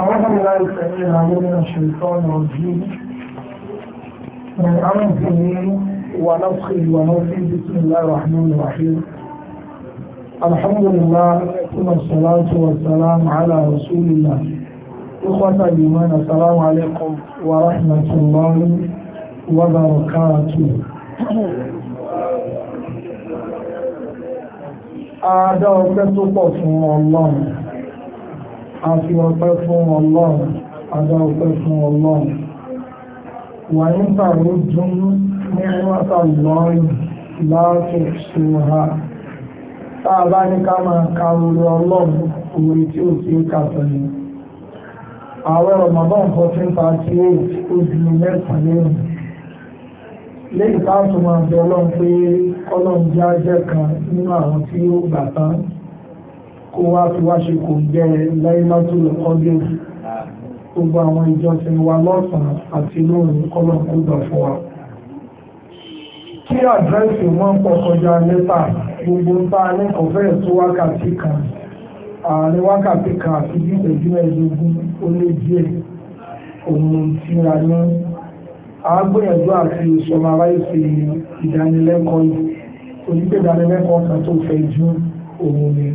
أعوذ بالله السميع العليم من الشيطان الرجيم من أمره ونفخه ونفخه بسم الله الرحمن الرحيم الحمد لله ثم الصلاة والسلام على رسول الله إخوة الإيمان السلام عليكم ورحمة الله وبركاته Adá ọpẹ́ tó pọ̀ àfi ọpẹ́ fún ọlọ́run adá ọpẹ fún ọlọ́run wà nípa ojú ní wáta lọ́rin láàtò ṣùgbọ́n tá a bá ní ká máa ka orí ọlọ́run orí tí ó ti kà sẹ́yìn ààrẹ ọmọdún fourteen lẹ́yìn ọlọ́run pé ọlọ́run jẹ́ kan nínú àwọn tí ó kó wá fi wá ṣe kò gẹ́ láìmátò ọdún gbogbo àwọn ìjọsìn wa lọ́sàn-án àti lóòrùn kọ́lọ̀ kó gbà fún wa. kí àdírẹ́sì wọn pọ̀ kọjá lẹ́tà gbogbo ń bá alẹ́kọ̀ọ́ fẹ́ẹ̀ tó wákàtí kan àárín wákàtí kan àti bí ìtẹ́jú mẹ́ẹ̀ẹ́dógún ó lé díẹ̀ òun ti ra ní àágbóyànjú àti ìṣọ̀mọ̀ aláìsí ìdánilẹ́kọ̀ọ́ yìí onígbèdánilẹ́kọ̀ọ́ kan tó fẹ́ ju òun ni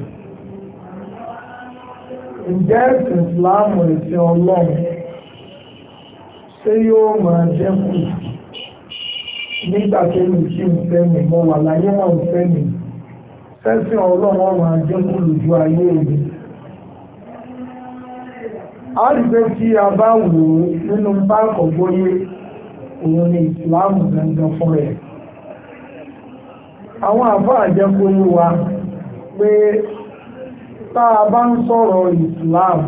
ǹjẹ́ ìsìláàmù ìfẹ́ ọlọ́run ṣé yóò máa dẹ́kù nígbà tó lù sí ìfẹ́ mi mo wà láyé wọn ìfẹ́ mi fẹ́sìn ọlọ́run máa dẹ́kù lójú ayé mi. a rí pé tí a bá wò ó nínú báńkì gbóyé òun ni ìsìláàmù gangan fún rẹ̀. àwọn àbá àjẹkù wa pé tá a bá ń sọ̀rọ̀ Islam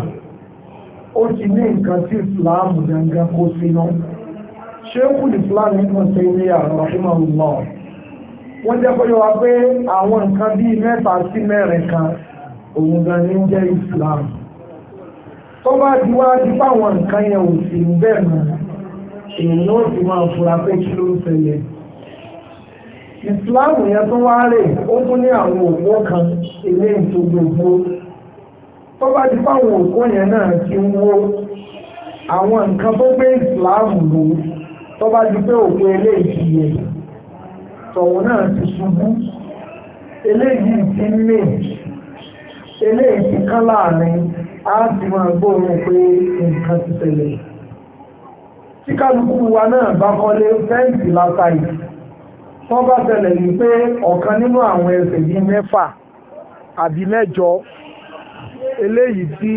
ó ti ní nǹkan tí Islam gangan kó sínú ṣékù Islam nínú sẹ́yìn rahimahullah wọ́n jẹ́ pé wá pé àwọn nǹkan bíi mẹ́ta sí mẹ́rin kan òun gan ni jẹ́ Islam tó bá ti wá ti báwọn nǹkan yẹn ò sì ń bẹ́ẹ̀ mọ́ èèyàn náà ti máa fura pé kí ló ń ṣẹlẹ̀ ìsìláàmù yẹn tó wá rè ó tún ní àwọn òpó kan ilé ìtògbògbò tó bá ti fáwọn òkú yẹn náà ti ń wó àwọn nǹkan tó gbé ìsìláàmù lò tó bá ti pé òkú eléyìí yẹ tọ̀hún náà ti ṣubú eléyìí ti ń mè eléyìí ti kán láàrin á ti máa gbóòórùn pé nǹkan ti ṣẹlẹ̀ tí kálukú wa náà bá kọ́lé fẹ́ǹsì látàyè tó bá ṣẹlẹ̀ ní pé ọ̀kan nínú àwọn ẹsẹ̀ bíi mẹ́fà àbí mẹ́jọ eléyìí tí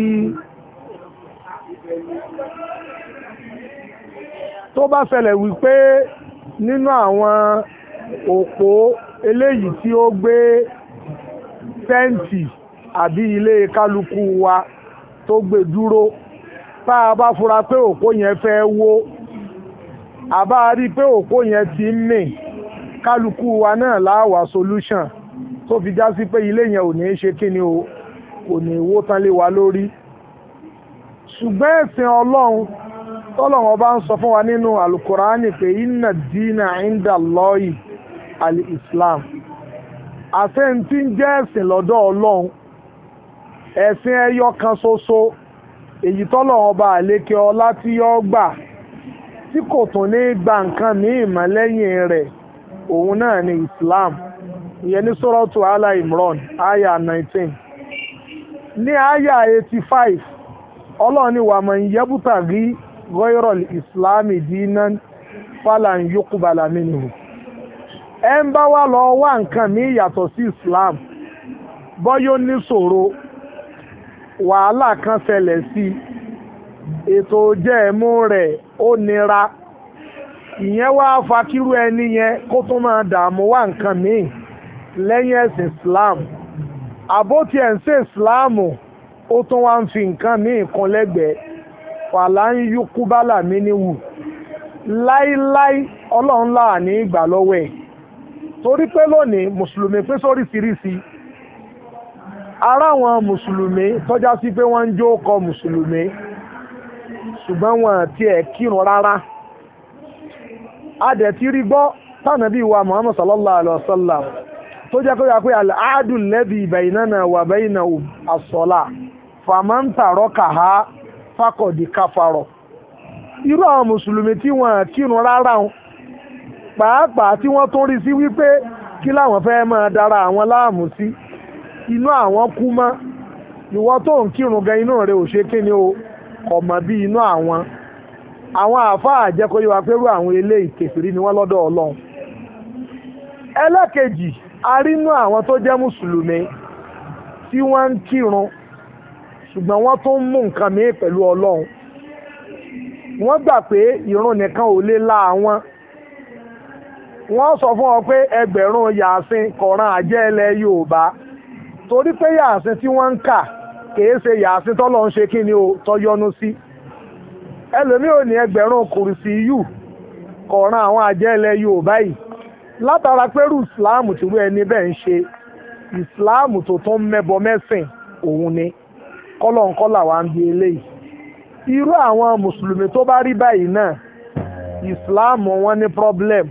tó bá ṣẹlẹ̀ wípé nínú àwọn òpó eléyìí tí ó gbé tẹ́ǹtì àbí ilé kálukú wa tó gbé dúró tá a bá fura pé òpó yẹn fẹ́ wó àbá rí pé òpó yẹn ti ń mì kálukú wa náà láwà solution tó fi já sí pé ilé yẹn ò ní ṣe kíni o kò ní wó tán lé wa lórí ṣùgbọ́n ẹ̀sìn ọlọ́run tọ́lọ́run ọba ń sọ fún wa nínú alukurani pé inna dina inda lọ́ọ̀yì al-islam àfẹ́ǹtì ń jẹ́ ẹ̀sìn lọ́dọ̀ ọlọ́run ẹ̀sìn ẹyọ kan ṣoṣo ọba àlékè ọlá tí yọ gbà tí kò tún ní gba nǹkan ní ìmọ̀lẹ́yìn rẹ̀ òun náà ni islam ala imran aya nineteen. ní àyà 85, five ọlọ́run ni wàá mọ̀ ìyẹ́bùtà rí gọ́yọ̀rọ̀lì ìsìláàmì dínà falan yuqbala minhu ẹ ń bá wa lọ wá nǹkan mi yàtọ̀ sí islam bọ́yọ́ níṣòro wàhálà kan ṣẹlẹ̀ sí i ètò ẹ̀mú rẹ̀ ó nira ìyẹn wá fa kírú ẹni yẹn kó tún máa dààmú wá nǹkan míì lẹ́yìn ẹ̀sìn islam. àbótí ẹ̀ ń ṣe ìsìláàmù ó tún wá ń fi nǹkan míì kan lẹ́gbẹ̀ẹ́ fàlà ń yú kúbálà mi níwù láíláí ọlọ́run láàánú ìgbà lọ́wọ́ ẹ̀ torí pé lónìí mùsùlùmí pín sóríṣiríṣi ara àwọn mùsùlùmí tọ́já sí pé wọ́n ń jó kọ mùsùlùmí ṣùgbọ́n wọn àti ẹ̀ kírun rárá a dẹ̀ rí gbọ́ tánàbí wa Muhammad sallallahu alayhi wa sallam tó jẹ́ kóyà pé àádùn lẹ́bi ìbẹ̀yìnánà wà bẹ́yìnà àsọ̀là fàmáǹtà rọ́kàá fákọ̀dì káfàrọ̀ irú àwọn mùsùlùmí tí wọ́n kírun rárá wọn pàápàá tí wọ́n tún rí sí wípé kí làwọn fẹ́ máa dára àwọn láàmú sí inú àwọn kú mọ́ ìwọ tó ń kírun gan inú rẹ ò ṣe kíni o kọ̀ mọ́ bí inú àwọn àwọn àáfàá àjẹkọ̀yọ̀ apẹ́rù àwọn eléyìí kèfèrí ni wọ́n lọ́dọ̀ ọlọ́run ẹlẹ́kejì a rí àwọn tó jẹ́ mùsùlùmí tí wọ́n ń kírun ṣùgbọ́n wọ́n tún ń mú nǹkan míì pẹ̀lú ọlọ́run wọ́n gbà pé ìrun nìkan ò lè la àwọn wọ́n sọ fún ọ pé ẹgbẹ̀rún yàásín kọ̀ọ̀ràn àjẹ́ yorùbá torí pé yàásín tí wọ́n ń kà kìí ṣe yàásín tọ́lọ́ ń ṣe kí ni o tọ́yọnu sí ẹlòmíì ní ẹgbẹ̀rún kùrùsì yù kọ̀ọ̀ràn àwọn yorùbá yìí látara pẹ́rù ìsìláàmù tìrú ẹni bẹ́ẹ̀ ń ṣe ìsìláàmù tó tún mẹ́bọ mẹ́sìn òun ni kọ́lọ̀ǹkọ́là wà ń bi eléyìí irú àwọn mùsùlùmí tó bá rí báyìí náà ìsìláàmù wọn ní problem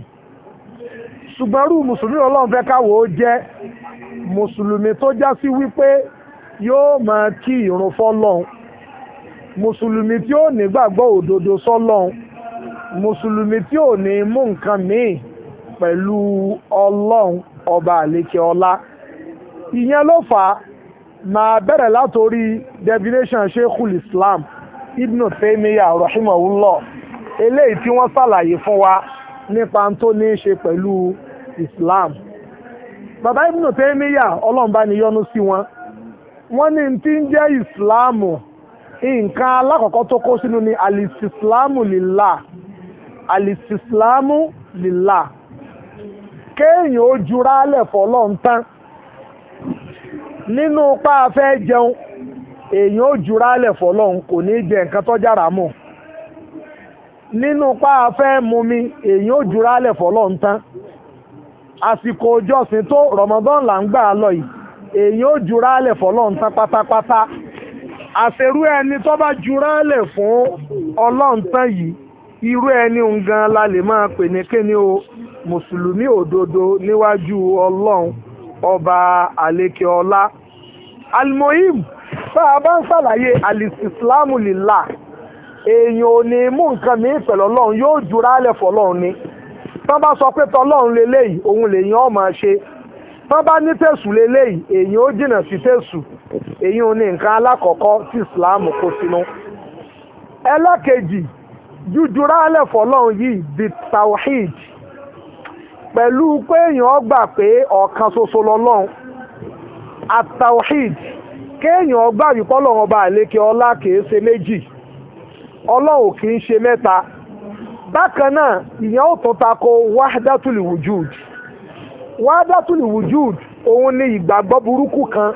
ṣùgbọ́n irú mùsùlùmí ọlọ́run fẹ́ káwọ́ ó jẹ́ mùsùlùmí tó já sí wípé yóò máa kí ìrun fọ́lọ́run mùsùlùmí tí ó nígbàgbọ́ òdodo sọ́lọ́run mùsùlùmí tí ò ní mú nǹkan míì pẹ̀lú ọlọ́run ọba àlékè ọlá ìyẹn ló fà á máa bẹ̀rẹ̀ látòrí definition sheikhul islam ibn taymiya rahimahullah eléyìí tí wọ́n ṣàlàyé fún wa nípa tó ní í ṣe pẹ̀lú islam bàbá ibn taymiya ọlọ́run bá ní yọ́nú sí wọn wọ́n ní tí ń jẹ́ ìsìláàmù nǹkan alákọ̀ọ́kọ́ tó kó sínú ni alìsìsìláàmù lillah alìsìsìláàmù lillah kéèyàn ó jura lẹ̀ fọlọ́n tán nínú pa afẹ́ jẹun èèyàn ó jura lẹ̀ fọlọ́n kò ní jẹ nǹkan tọ́jára mọ́ nínú pa afẹ́ mumi èèyàn ó jura lẹ̀ fọlọ́n tán àsìkò òjọsìn tó Ramadan là ń gbà lọ yìí èèyàn ó jura lẹ̀ fọlọ́n tán pátápátá àṣerú ẹni tó bá jura lẹ̀ fún ọlọ́ǹtán yìí irú ẹni gan la lè máa pè ní kíni o mùsùlùmí òdodo níwájú ọlọ́run ọba àlekè ọlá alimohim bá a bá ń ṣàlàyé alisislamu lila èèyàn ò ní mú nǹkan míì pẹ̀lú ọlọ́run yóò jura alẹ́ fọlọ́run ni tán bá sọ pé tọlọ́run leléyìí òun lèèyàn ó máa ṣe tán bá ní tẹ̀sù leléyìí èèyàn ó jìnnà sí tẹ̀sù èèyàn ò ní nǹkan alákọ̀ọ́kọ́ tí islam kó sínú ẹlẹ́kejì jújúra alẹ́ fọlọ́run yìí di tawhid pẹ̀lú pé èèyàn gbà pé ọ̀kan ṣoṣo lọ́lọ́run atawhid kéèyàn gbà yìí ọlọ́run ọba àlékè ọlá kìí ṣe méjì ọlọ́run kìí ṣe mẹ́ta bákan náà ìyẹn ò tún tako wahdatul wujud wahdatul wujud òun ni ìgbàgbọ́ burúkú kan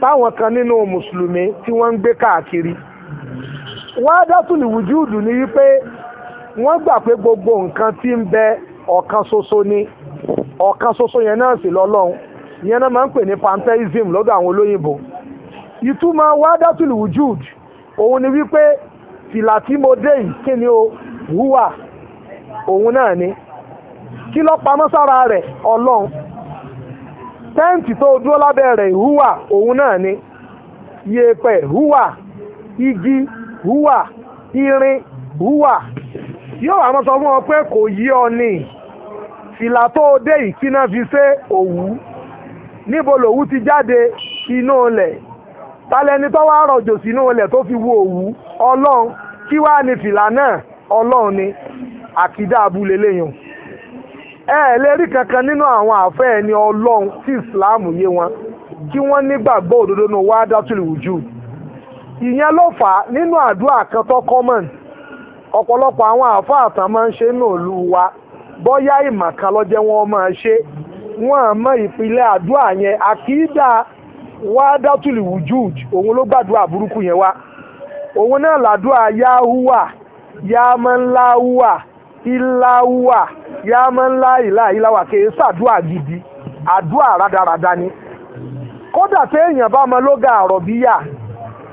táwọn kan nínú mùsùlùmí tí wọ́n ń gbé káàkiri. wahdatul wujudu ni wípé wọ́n gbà gbogbo nǹkan ti ń bẹ ọ̀kan ṣoṣo ni ọ̀kan ṣoṣo yẹn náà sì lọ́lọ́run ìyẹn náà máa ń pè ní pantheism lọ́dọ̀ àwọn olóyìnbó ìtumọ̀ òun ni wípé fìlà tí mo dé yìí kí ni o wúwà òun náà ni kí ló pamọ́ sára rẹ̀ ọlọ́run tẹ́ǹtì tó dúró lábẹ́ rẹ̀ ni igi hùwà irin hùwà yóò wá máa sọ fún ọ pé kò yí ọ ni fìlà tó o dé ìkíná fi ṣe òwú níbo lòwú ti jáde inú ilẹ̀ talẹ́ni tó wá rọ̀jò sínú ilẹ̀ tó fi wo òwú ọlọ́run kí wàá ní fìlà náà ọlọ́run ni àkìdá abúlé léyìn ẹ ẹ lè rí kankan nínú àwọn àfẹ́ ẹni ọlọ́run tí Islam yé wọn kí wọ́n nígbàgbọ́ òdodo nù wá dátúlù wùjú ìyẹn ló fà á nínú àdúrà kan tó common ọ̀pọ̀lọpọ̀ àwọn àáfàá tán máa ń ṣe náà lù wá bọ́yá ìmọ̀ kan lọ́jẹ́ wọn máa ṣe wọ́n mọ ìpìlẹ̀ àdúrà yẹn àkìdá wádàtúlì wùjúùd òun ló gbàdúrà burúkú yẹn wá òun náà làdúrà yahuwa yamanláhuwa iláhuwa yamanlá ìlà ìlàwà kì í gidi àdúrà rádaràda ni kódà téèyàn bá mọ lóga àrọ̀bíyà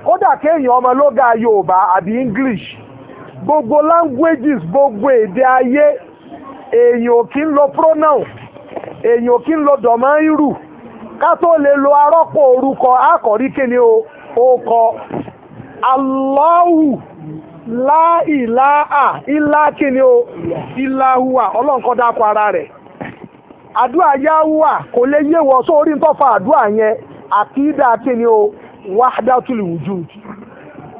ó dà kéèyàn ọmọ lóga yorùbá àbí english gbogbo languages gbogbo èdè ayé èèyàn ò kí ń lo pronoun èèyàn ò kí ń lo dọ̀mọ́ìrù ká tó lè lo arọ́pò orúkọ àkọ́rí kíni ó kọ alọ́hù láìláà ilá kíni ó ìlàhùwà ọlọ́nkọ́ dákọ̀ ara rẹ̀ àdúrà kò lè sórí àdúrà yẹn àkídà kíni o. wahdatul wujud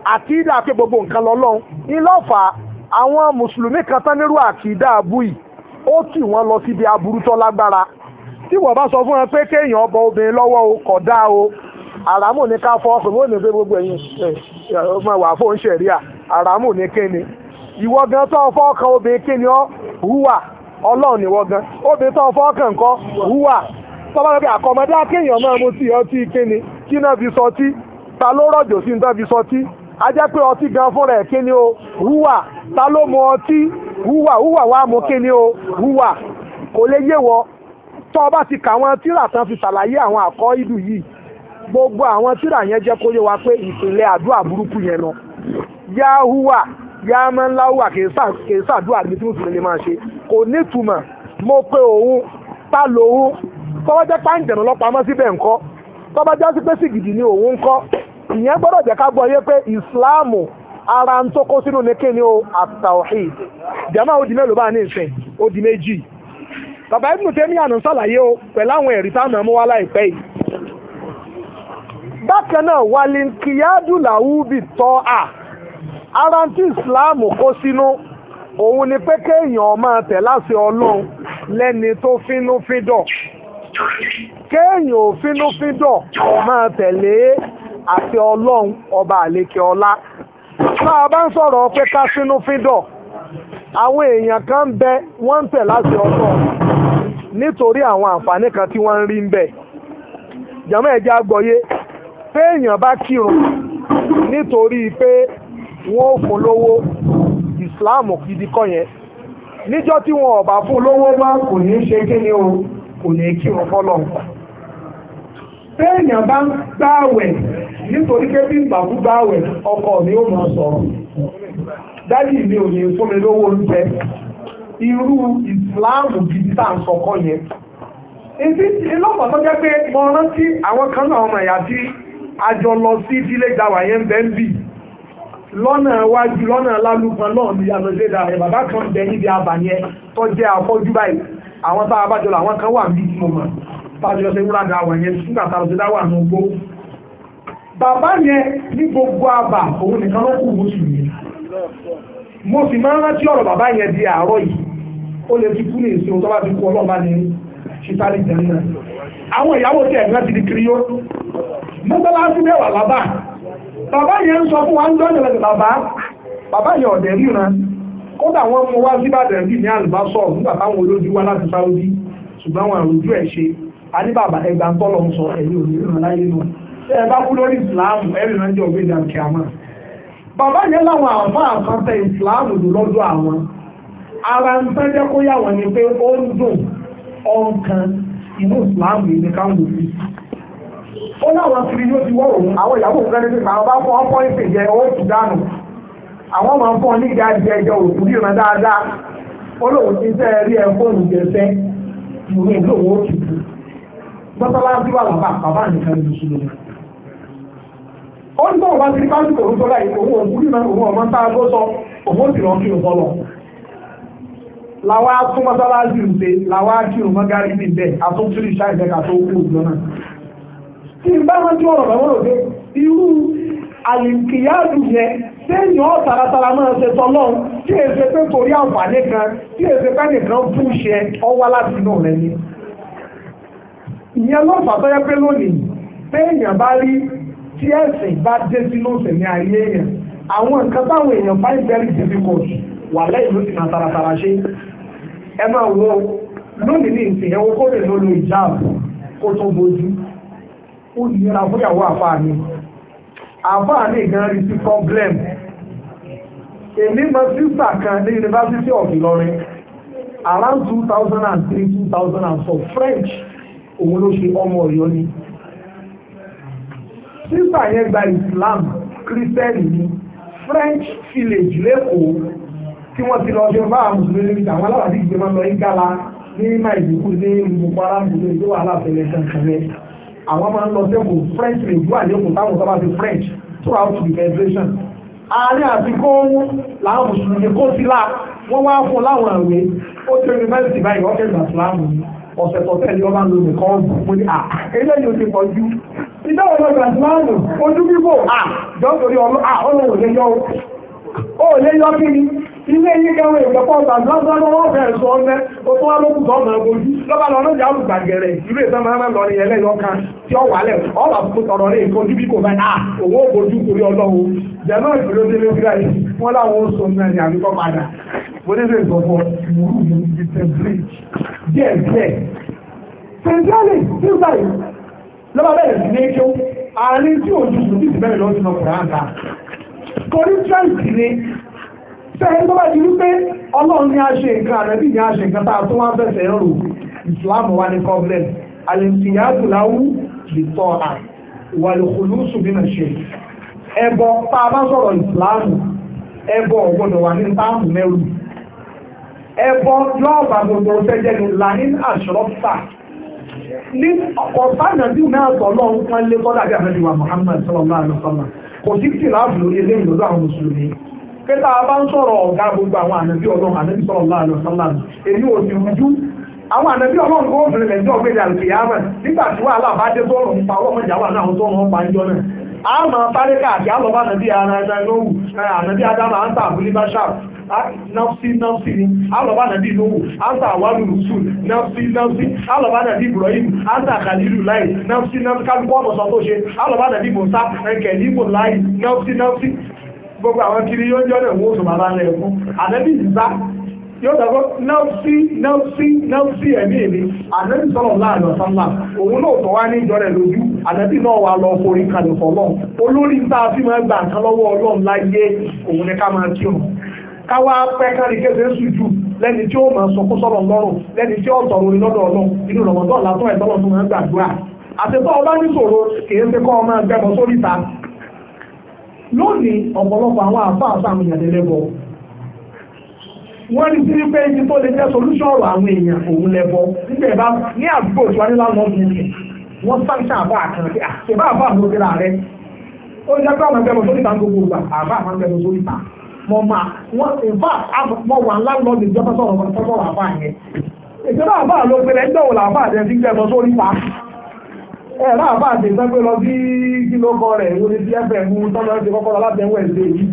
àkídà pé gbogbo nǹkan lọ́lọ́run ńlọ́fà àwọn mùsùlùmí kan tán nírú àkídà abúì ó tì wọ́n lọ síbi aburú tó lágbára tí wọ́n bá sọ fún ẹ pé kéèyàn bọ obìnrin lọ́wọ́ o kò dáa o àràmù ní ká fọ́ ọkùnrin ó ní pé gbogbo ẹ̀yìn ọmọ ìwà fóun ṣẹ̀ríà àràmù ní kéne ìwọ gan tó fọ́ ọkàn obìnrin kéne ọ hùwà ọlọ́run ìwọ gan obìnrin tó fọ́ ọkàn nǹkan hùwà tọ́ba lọ́pẹ́ àkọ́mọdé akéèyàn máa mú tí ọtí kéne kí náà fi sọtí ta ló rọ̀jò sí ní tán fi sọtí a jẹ́ pé ọtí gan fúnra ẹ̀ kíni o húwà ta ló mu ọtí húwà húwà wàá mu kíni o húwà kò lè yé wọ tọ́ ọ bá ti kà àwọn tíra tán fi ṣàlàyé àwọn àkọ́ ìlú yìí gbogbo àwọn tíra yẹn jẹ́ kó yé wa pé ìpínlẹ̀ àdúrà burúkú yẹn lọ yá húwà yá máa ń láwà kì í ṣàdúrà níbi tí mùsùlùmí lè máa ṣe kò nítumọ̀ mo pe òun ta lòun tọ́wọ́ jẹ́ páǹjẹ̀nù lọ́pamọ́ síbẹ̀ ńkọ́ tọ́ba jásí pé sìgìdì ni òun ń kọ́ ìyẹn gbọ́dọ̀ jẹ́ ká gbọ́ yé ara ń tó kó sínú ní kíni o àtàwọ̀hìn jama odi mélòó bá ní ìsìn odi méjì bàbá ibùdó tẹ́mi àná sàlàyé o pẹ̀lú àwọn ẹ̀rí táwọn ọmọ wa láìpẹ́ yìí bákan náà làwùbí tọ́ à ara ìsìláàmù kó sínú òun ni pé kéèyàn máa tẹ̀ láṣẹ ọlọ́run lẹ́ni tó fínú fídọ̀ kéèyàn ò fínúfíndọ̀ máa tẹ̀lé àti ọlọ́run ọba àlékè ọlá tá a bá ń sọ̀rọ̀ pé ká fínúfíndọ̀ àwọn èèyàn kan ń bẹ wọ́n ń tẹ̀ láti ọlọ́run nítorí àwọn àǹfààní kan tí wọ́n ń rí ń bẹ jàmọ́ ẹ̀já gbọ́yé téèyàn bá kírun nítorí pé wọ́n ò fún lówó ìsìláàmù kìdíkọ̀ yẹn níjọ́ tí wọn ò fún lówó má kò ní í ṣe kí ni o kò ní kí wọn fọ́lọ̀ téèyàn bá ń gbààwẹ̀ nítorí pé bí ìgbà fún gbààwẹ̀ ọkọ mi ò mọ̀ sọ̀rọ̀ dádì mi ò ní fún mi lówó oúnjẹ irú ìsìláàmù gidi tá à ń sọkọ yẹn èdè ìlọ́pàá tó jẹ́ pé mo rántí àwọn kan náà ọmọ ẹ̀yà tí a jọ lọ sí ìdílé ìdáwà yẹn bẹ́ẹ̀ ń bì lọ́nà iwájú lọ́nà lálùpọ̀ náà ni àlọ́jẹ́dà ẹ̀ bàbá kan bẹ níbi abà yẹn tó jẹ́ afọ́jú báyìí àwọn tá a bá jọ làwọn kan wà ní mo mọ̀ tá a jọ ṣe wúrà dá wà yẹn nígbà tá a ṣe dá wà ní ogbó bàbá yẹn ní gbogbo àbà òun nìkan ló kù mọ́sù yẹn mo sì máa ń rántí ọ̀rọ̀ bàbá yẹn di àárọ̀ yìí ó lè ti kú ní èsì òun tó bá ti kú ọlọ́ọ̀bá ní ṣítálì jẹ́ náà àwọn ìyàwó tí ẹ̀gbọ́n ti di kiri yó mọ́tọ́lásí mẹ́wàá bàbá bàbá yẹn ń sọ fún wa ń dọ́jọ́ lẹ́gbẹ̀ẹ́ bàbá bàbá yẹn ọ̀dẹ̀ ríran kódà wọ́n mú wá sí Ìbàdàn bíi ní àlùbáṣọ nígbà táwọn olójú wá láti àwọn ṣe alíbàbà ẹgbà tọ́lọ̀ ń sọ nù ẹ bá kú lórí ìsìláàmù àmà bàbá yẹn láwọn ìsìláàmù lò lọ́dọ̀ àwọn ara ń jẹ́ kó ni pé ó ń dùn ọ̀nkan inú ìsìláàmù yìí káwọn òbí ó láwọn yóò ti àwọn ìyàwó àwọn máa ń fún ọ ní ìdá ìjẹ ìjọ òkú ní ìran dáadáa olóhùn ti sẹ́ rí ẹ fóònù jẹsẹ́ ìwé lóhùn ó ti kú mọ́sálásí wà bàbá bàbá nìkan ní oṣù lónìí. ó ń tọ́wọ́ bá ti rí pásítọ̀ òun sọ́lá yìí òun òkú nínú òun ọmọ tá a gbó sọ òun ó sì rán kírun sọ́lọ̀. làwa tún mọ́sálásí ń ṣe làwa kírun mọ́gárí ní bẹ́ẹ̀ àtúntúrì ìṣá ìbẹ́ka tó kú òjò náà. tí n bá wọn tí ọ̀rọ̀ lọ́wọ́ rò dé irú àlìkìyàdù yẹn téèyàn ọ̀tàràtàrà máa ṣe tọ́lọ́run tí èsè pé torí àǹfààní kan tí èsè pé nìkan fún iṣẹ́ ọwá láti inú rẹ̀ ni. ìyẹn lọ́fà tó yẹ pé lónìí téèyàn bá rí tí ẹ̀sìn bá dé sínú ìsẹ̀mí ayé èèyàn àwọn nǹkan táwọn èèyàn find very difficult wà lẹ́yìn ló ti nà tàràtàrà ṣe. ẹ máa wo lónìí ní ìsìn ẹ̀wọ̀n kó lè lọ lo ìjáàbù kó tó bójú ó nira fúyàwó àfáà mi àbá ní ìgan rí sí problem èmi mọ sísà kan ní University of Ìlọrin around 2003-2004. French òun ló ṣe ọmọ Ọ̀yọ́ ni sísà yẹn gba Islam kírísítẹ́nì ni French village lẹ́kọ̀ọ́ tí wọ́n ti lọ ṣe bá àwọn mùsùlùmí níbi àwọn alábàáṣí ìgbìmọ̀ lọ ń gala ní maidugu ní mbukwara wàhálà fẹlẹ kankan rẹ àwọn máa ń lọ sẹ́kù French review àlékún táwọn sábà ti French throughout the federation àárín àti kóńwó làwọn mùsùlùmí kó sí là wọ́n wá fún láwọn àwé ó ti yunifásitì báyìí wọ́n kẹ́gbà síláàmù ọ̀sẹ̀ tó tẹ̀lé ọba ló lè kọ́ mo ní à eléyìí ó ti pọ̀ ju iná ọ̀nà ìgbà síláàmù ojú bíbò à jọ́ torí ọlọ́ à ọlọ́run lè yọ ó lè yọ kí ni ilé yìí kẹwàá ìgbẹ́pọ̀ ọ̀tà lọ́wọ́ fẹ́ sọ ọ́nẹ́ o tó wá lókùn tó ọ̀nà ojú lọ́ba lọ lọ́jà àlùgbàgẹ̀rẹ̀ ìlú ìtàn máa ń lọ ní ẹlẹ́yọ kan tí ó wà lẹ̀ ọ̀là fún tọrọ ní nǹkan bíbí kò bá náà ah, òun ò bójú torí ọlọ́wọ́ jẹ̀mọ́ ìdúró délé wíra yìí wọ́n láwọn oṣù náà ní àbíkọ́ padà mo ní lè sọ̀fọ̀ ìwúrú mi ti tẹ̀ sẹ́yìn tó bá di wípé ọlọ́run ní a ṣe nǹkan àrẹ́bí ní a ṣe nǹkan tá a tún wá fẹsẹ̀ ń rò ìsìláàmù wa ní problem àlèkìyàtù láwù lè tọ́ à wà lè kò lóṣù bí nà ṣe ẹbọ tá a bá sọ̀rọ̀ ìsìláàmù ẹbọ ọ̀gbọ́dọ̀ wà ní táàmù mẹ́rù ẹbọ yóò gbogbo sẹ́jẹ́ ní lahin ashrọ́fà ní ọ̀pọ̀ sánàbí náà sọ náà ń pọ́n lé kọ́dà bí àmẹ́lẹ́wà Muhammad sallallahu alaihi wasallam kò sí tìláàbù lórí eléyìí lọ́dọ̀ àwọn mùsùlùmí pé tá a bá ń sọ̀rọ̀ ọ̀gá gbogbo àwọn anabi ọlọ́run ànábì sallallahu alaihi wasallam èyí ò ní rújú àwọn ànábì ọlọ́run kò bẹ̀rẹ̀ lẹ́jọ́ gbẹ̀dẹ̀ àlùkìyàmẹ̀ nígbà tí wàhálà bá dé tọ́rọ̀ ń ọlọ́mọdé àwọn àwọn tó ń ìjọ náà a máa sáré káàkiri àlọ́bá nàbí ara ẹ̀dá ànàbí adama ansa àbúlé bashar nafsi nafsi ni nafsi ibrahim anta nafsi nafsi ọmọ ṣe musa gbogbo àwọn kiri yóò jọ́ lẹ̀ wọ́n bàbá lẹ̀ fún àdẹ́bí ìzá yóò dàgbọ́ náfsí náfsí náfsí ẹ̀mí èmi àdẹ́bí sọ̀rọ̀ láàrin ọ̀sán náà òun náà tọ́ ní ìjọ rẹ̀ lójú àdẹ́bí náà wà lọ forí kalẹ̀ fọlọ́ olórí máa gbà nǹkan lọ́wọ́ ọlọ́run láyé òun ni ká máa kí òun káwá pẹ́ kárí kéde sùjú lẹ́ni tí ó máa lọ́rùn tọrọ lọ́dọ̀ lónìí ọ̀pọ̀lọpọ̀ àwọn àfáà sáwọn èèyàn lẹ́lẹ́bọ̀ wọ́n ní sí pé ibi tó lè jẹ́ solution ọ̀rọ̀ àwọn èèyàn òun lẹ́bọ̀ níbẹ̀ bá ní àdúgbò tí wọ́n ní láwọn ọdún yìí wọ́n sáńṣà àbá àkàn pé àṣebá ah, àbá àmọ́ òkè láàrẹ́ ó ní ẹgbẹ́ àwọn ẹgbẹ́ sóríta gbogbo ìgbà àbá àwọn ẹgbẹ́ sóríta mọ máa wọ́n in fact mọ wà láńlọ́ọ̀dù ìjọba sọ̀rọ̀ sọ̀rọ̀ àbá yẹn ìjọba àbá ló pẹ̀lẹ́ ẹgbẹ́ òun làbá àdẹ́ sí gbẹ́ ẹ̀rọ àbá àti ìsẹ́gbẹ́ lọ sí kílókọ rẹ̀ ìwé ní cfm tọ́lọ́ ti kọ́kọ́ lọ láti ẹ̀wọ̀n ẹ̀sẹ̀ yìí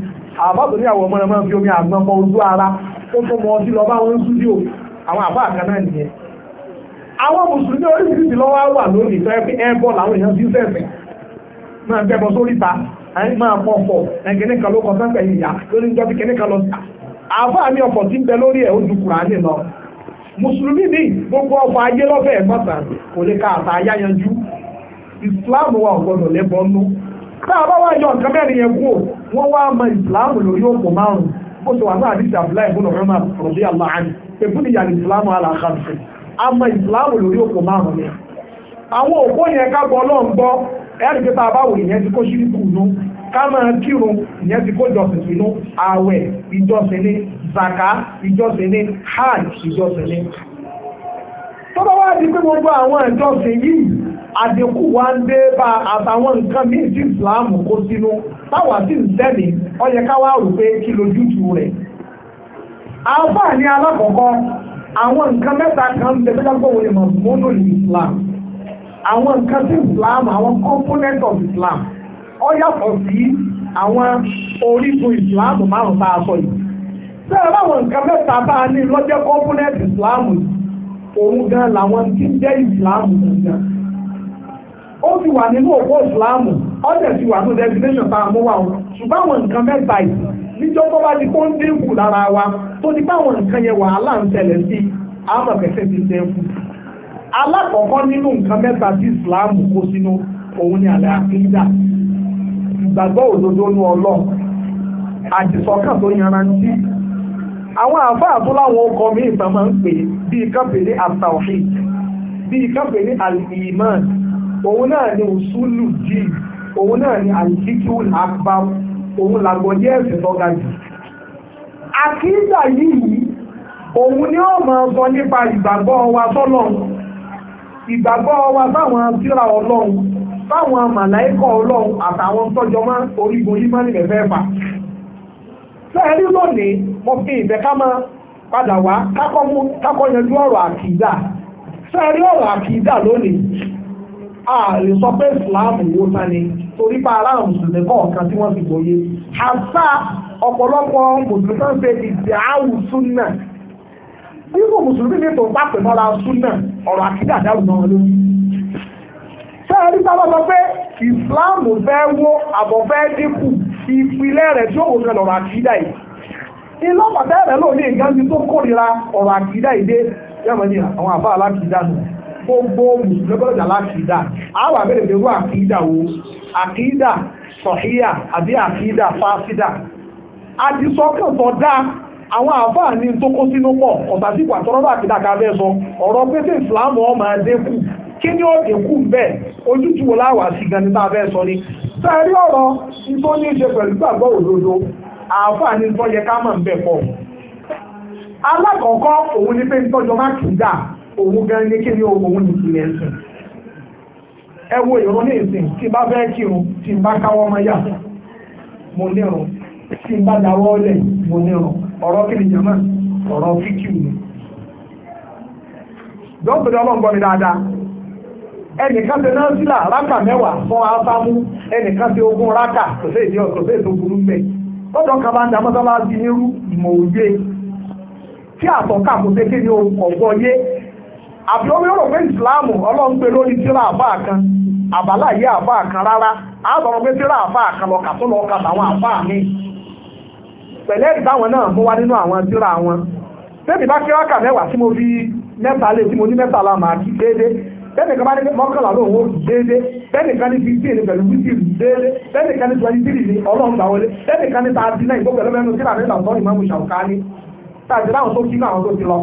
àbá ní àwọn ọmọ rẹ̀ máa fi omi àgbọn mọ ojú ara ó tó mọ ọtí lọ wọn súdíò àwọn àbá àkà náà nìyẹn. àwọn mùsùlùmí oríṣiríṣi lọ́wọ́ wà lónìí bọ́ làwọn èèyàn máa sórí ta máa pọ̀ pọ̀ ló kọ ìyá lórí lọ islam wa ọ̀gbọ́dọ̀ lẹ́bọ̀ nú tá a bá wá yọ nǹkan mẹ́rin yẹn kú wọ́n wá mọ islam lórí òkú márùn bó ṣe wà ní àdìsí abdullahi ibùdó ọmọ rọ̀bí aláàánì ebúni yàrá islam aláàkàtì a mọ islam lórí òkú márùn ni àwọn òkú yẹn ká gbọ́ ọlọ́run gbọ́ ẹ̀rí pé tá a bá wò ìyẹn ti kó ṣíríkù nú ká máa kírun ìyẹn ti kó jọsìn sínú ààwẹ̀ ìjọsìn ní zaka ìjọsìn ní hajj ìjọsìn ní. tó bá wá di pé gbogbo àwọn ìjọsìn yìí àdínkù wa ń dé bá àtàwọn nǹkan míì tí Islam kó sínú táwa sì ń sẹ́ni ó ká wá rò pé kí lójútùú rẹ̀. àǹfààní alákọ̀ọ́kọ́ àwọn nǹkan mẹ́ta kan ń Islam àwọn nǹkan Islam àwọn component of Islam ó sí àwọn orígun Islam márùn tá a sọ yìí. sẹ́yìn báwọn nǹkan mẹ́ta bá a ní lọ́jẹ́ component Islam òun gan ó ti wà nínú òpó ìsìláàmù ọ̀dẹ̀ ti wà nínú definition tá a mú wa o ṣùgbọ́n àwọn nǹkan mẹ́ta yìí níjọ́ tó bá di kó ń dínkù lára wa tó di báwọn nǹkan yẹn wàhálà ń tẹ̀lẹ̀ sí àwọn ọ̀kẹ́sẹ̀ ti tẹ̀ kù. alákọ̀ọ́kọ́ nínú nǹkan mẹ́ta tí ìsìláàmù kó sínú òun ni àlẹ́ àkíńdà ìgbàgbọ́ òdodo ní ọlọ́run àdìsọ́kàn tó yanrantí àwọn àfáà tó láwọn ọkọ̀ mi ìtàn máa ń pè bíi kápẹ́ ní àtàwọ̀hìn bíi kápẹ́ ní àlìmọ́ọ̀nì òun náà ni usulu dì òun ni alikikul akbar òun làgbọ̀dé ẹ̀sìn tọ́ga jù. àkíńdà yìí òun ni ó máa sọ nípa ìgbàgbọ́ wa sọ́lọ́run ìgbàgbọ́ wa sáwọn síra ọlọ́run sáwọn àtàwọn tọ́jọ́ orígun yìí máa nílẹ̀ fẹ́ fà. ààrẹ sọ pé ìsìláàmù wo ta ni torí pa ará mùsùlùmí kọ̀ọ̀kan tí wọ́n ti gbòye àṣà ọ̀pọ̀lọpọ̀ mùsùlùmí kan ṣe ìdí àwùsùn náà nígbò mùsùlùmí ní tòun pàpẹ mọ́ra súnà ọ̀rọ̀ àkídà dárò náà lórí. sẹ́yìn nípa bá sọ pé ìsìláàmù fẹ́ wó àbọ̀ fẹ́ dínkù ìpìlẹ̀ rẹ̀ tí ó wò lọ́rọ̀ àkídà yìí. iná pàtẹ́ rẹ̀ ló ní nǹkan tí tó kórira ọ̀rọ̀ àkídà yìí dé yẹ́n mọ̀ ní àwọn àbá alákìídà nù. gbogbo olùdókòjà lákìdá àwọn àbẹ̀rẹ̀ pẹ̀lú àkìdá wo àkìdá sọ̀híyà àbí àkìdá fásidà àdìsọ́kàn tó dá àwọn àfáà tó kó sínú pọ̀ ọ̀tà sí sọ ọ̀rọ̀ pété ìsìlámù ọmọ adékù kí ni ó dínkù bẹ́ẹ̀ ojútùú láwà sí gan ní sọ ni sẹ́rí ọ̀rọ̀ tó ní ṣe pẹ̀lú gbàgbọ́ òdodo tó yẹ ká mọ̀ ń bẹ̀ pọ̀ alákọ̀ọ́kọ́ òun ni pé ń tọ́jọ́ òun gan ní kí ni òun ní ìpìlẹ̀ ẹ̀sìn ẹ ìrún ní ìsìn tí bá fẹ́ kírun tí bá káwọ́ máa yà mo nírun tí bá dáwọ́ mo nírun ọ̀rọ̀ kí ni jàmá ọ̀rọ̀ fíkì mi. dọ́pẹ̀lẹ́ ọlọ́ngbọ́n mi dáadáa ẹnìkan ti náà sílà rákà mẹ́wàá fún ẹnìkan ti ogún rákà àbí omi rò pé ìsìláàmù ọlọ́run pé lórí tíra àbá kan àbálà yé àbá kan rárá àbọ̀rọ̀ pé tíra àbá kan lọ kàtó lọ kàtà àwọn àbá mi pẹ̀lẹ́ ìdáwọn náà mú wá nínú àwọn tíra wọn tẹ́mi bá kíra kà mẹ́wàá tí mo fi mẹ́ta lé tí mo ní mẹ́ta la máa kí déédéé tẹ́mi kan bá ní mọ́kànlá ló ń wó déédéé tẹ́mi kan ní fifteen ní pẹ̀lú wíṣìlì déédéé tẹ́mi kan ní twenty three ní ọlọ́run gbà wọlé tẹ́mi kan ní thirty nine gbogbo ẹlẹ́mẹ́nu tíra mẹ́ta sọ́ọ́ ìmọ̀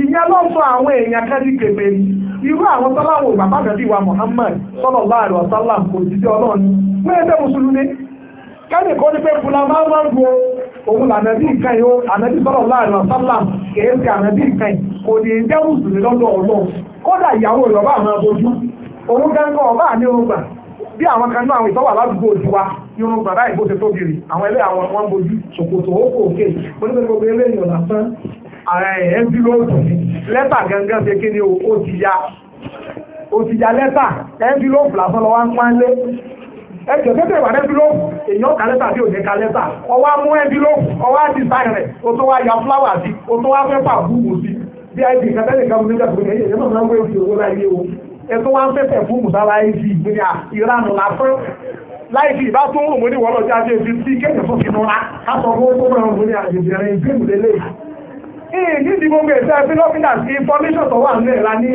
ìyẹn ló sọ àwọn èèyàn kẹ́lí kèbèrè irú àwọn sọ́láwọ̀ bàbá nàbí wa Muhammad sallallahu alaihi wasallam kò jíjẹ́ ọlọ́run wọ́n ẹgbẹ́ mùsùlùmí kẹ́lí kọ́ ní pé fúlà máa máa ń gbo òun lànàbí nǹkan yìí ó ànàbí sallallahu alaihi wasallam kèé ti ànàbí nǹkan yìí kò ní jẹ́ mùsùlùmí lọ́dọ̀ ọlọ́run kódà ìyàwó òun ọba bí àwọn kan àwọn ìtọ́wà ládùúgbò wa gbàrá ìbò àwọn ẹnfílóòtù lẹ́tà gangan ṣe kí ni ó ti ya lẹ́tà ẹnfílóòtù lásán lọ́wọ́ ń pánlé ẹjọ́ tẹ́tẹ̀ wà ẹnfílóòtù èèyàn ka lẹ́tà bí òde ka lẹ́tà ọwọ́ mú ẹnfílóòtù ọwọ́ àti sáyẹn rẹ̀ o tó wá ya fúláwà sí o tó wá fẹ́ fà búbu sí bí ẹ ti kẹtẹ́lẹ̀ kan mú nígbà tó yẹ ẹ̀yẹ́ náà wọ́n fi o ẹ tó wá ń fẹ́fẹ́ fún mùsàlá ẹ̀sì ìgbéyà ìranù lásán láìsí ìbá tó ń rò mọ́ ní wọ́lọ́jà jẹ́ ti tí kéèyàn tó fi nura ká sọ fún ó tó bẹ̀rẹ̀ òun ní àjèjì rẹ̀ ìgbéyìí lélẹ́yìí e ìdí gbogbo ìfẹ́ fílọ́fínà sí information tó wà ní ìlà ní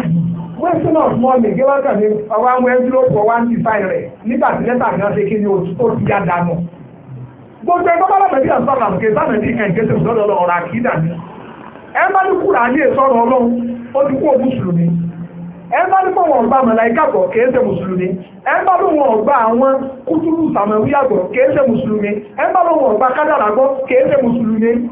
western of money gẹ́wọ́kàn ní ọwọ́ àwọn rẹ̀ nígbà tí lẹ́tà ṣe kí ni oṣù tó ti yá dànù. gbogbo ẹgbẹ́ bá sáà ọ̀rọ̀ àkídà ni. ẹ bá ní kúrò ayé sọ̀rọ̀ ọlọ́run ó ti kú mùsùlùmí. ẹ bá ní kó wọn gba màláíkà gbọ́ kìí mùsùlùmí. ẹ bá ní wọn gba àwọn mùsùlùmí.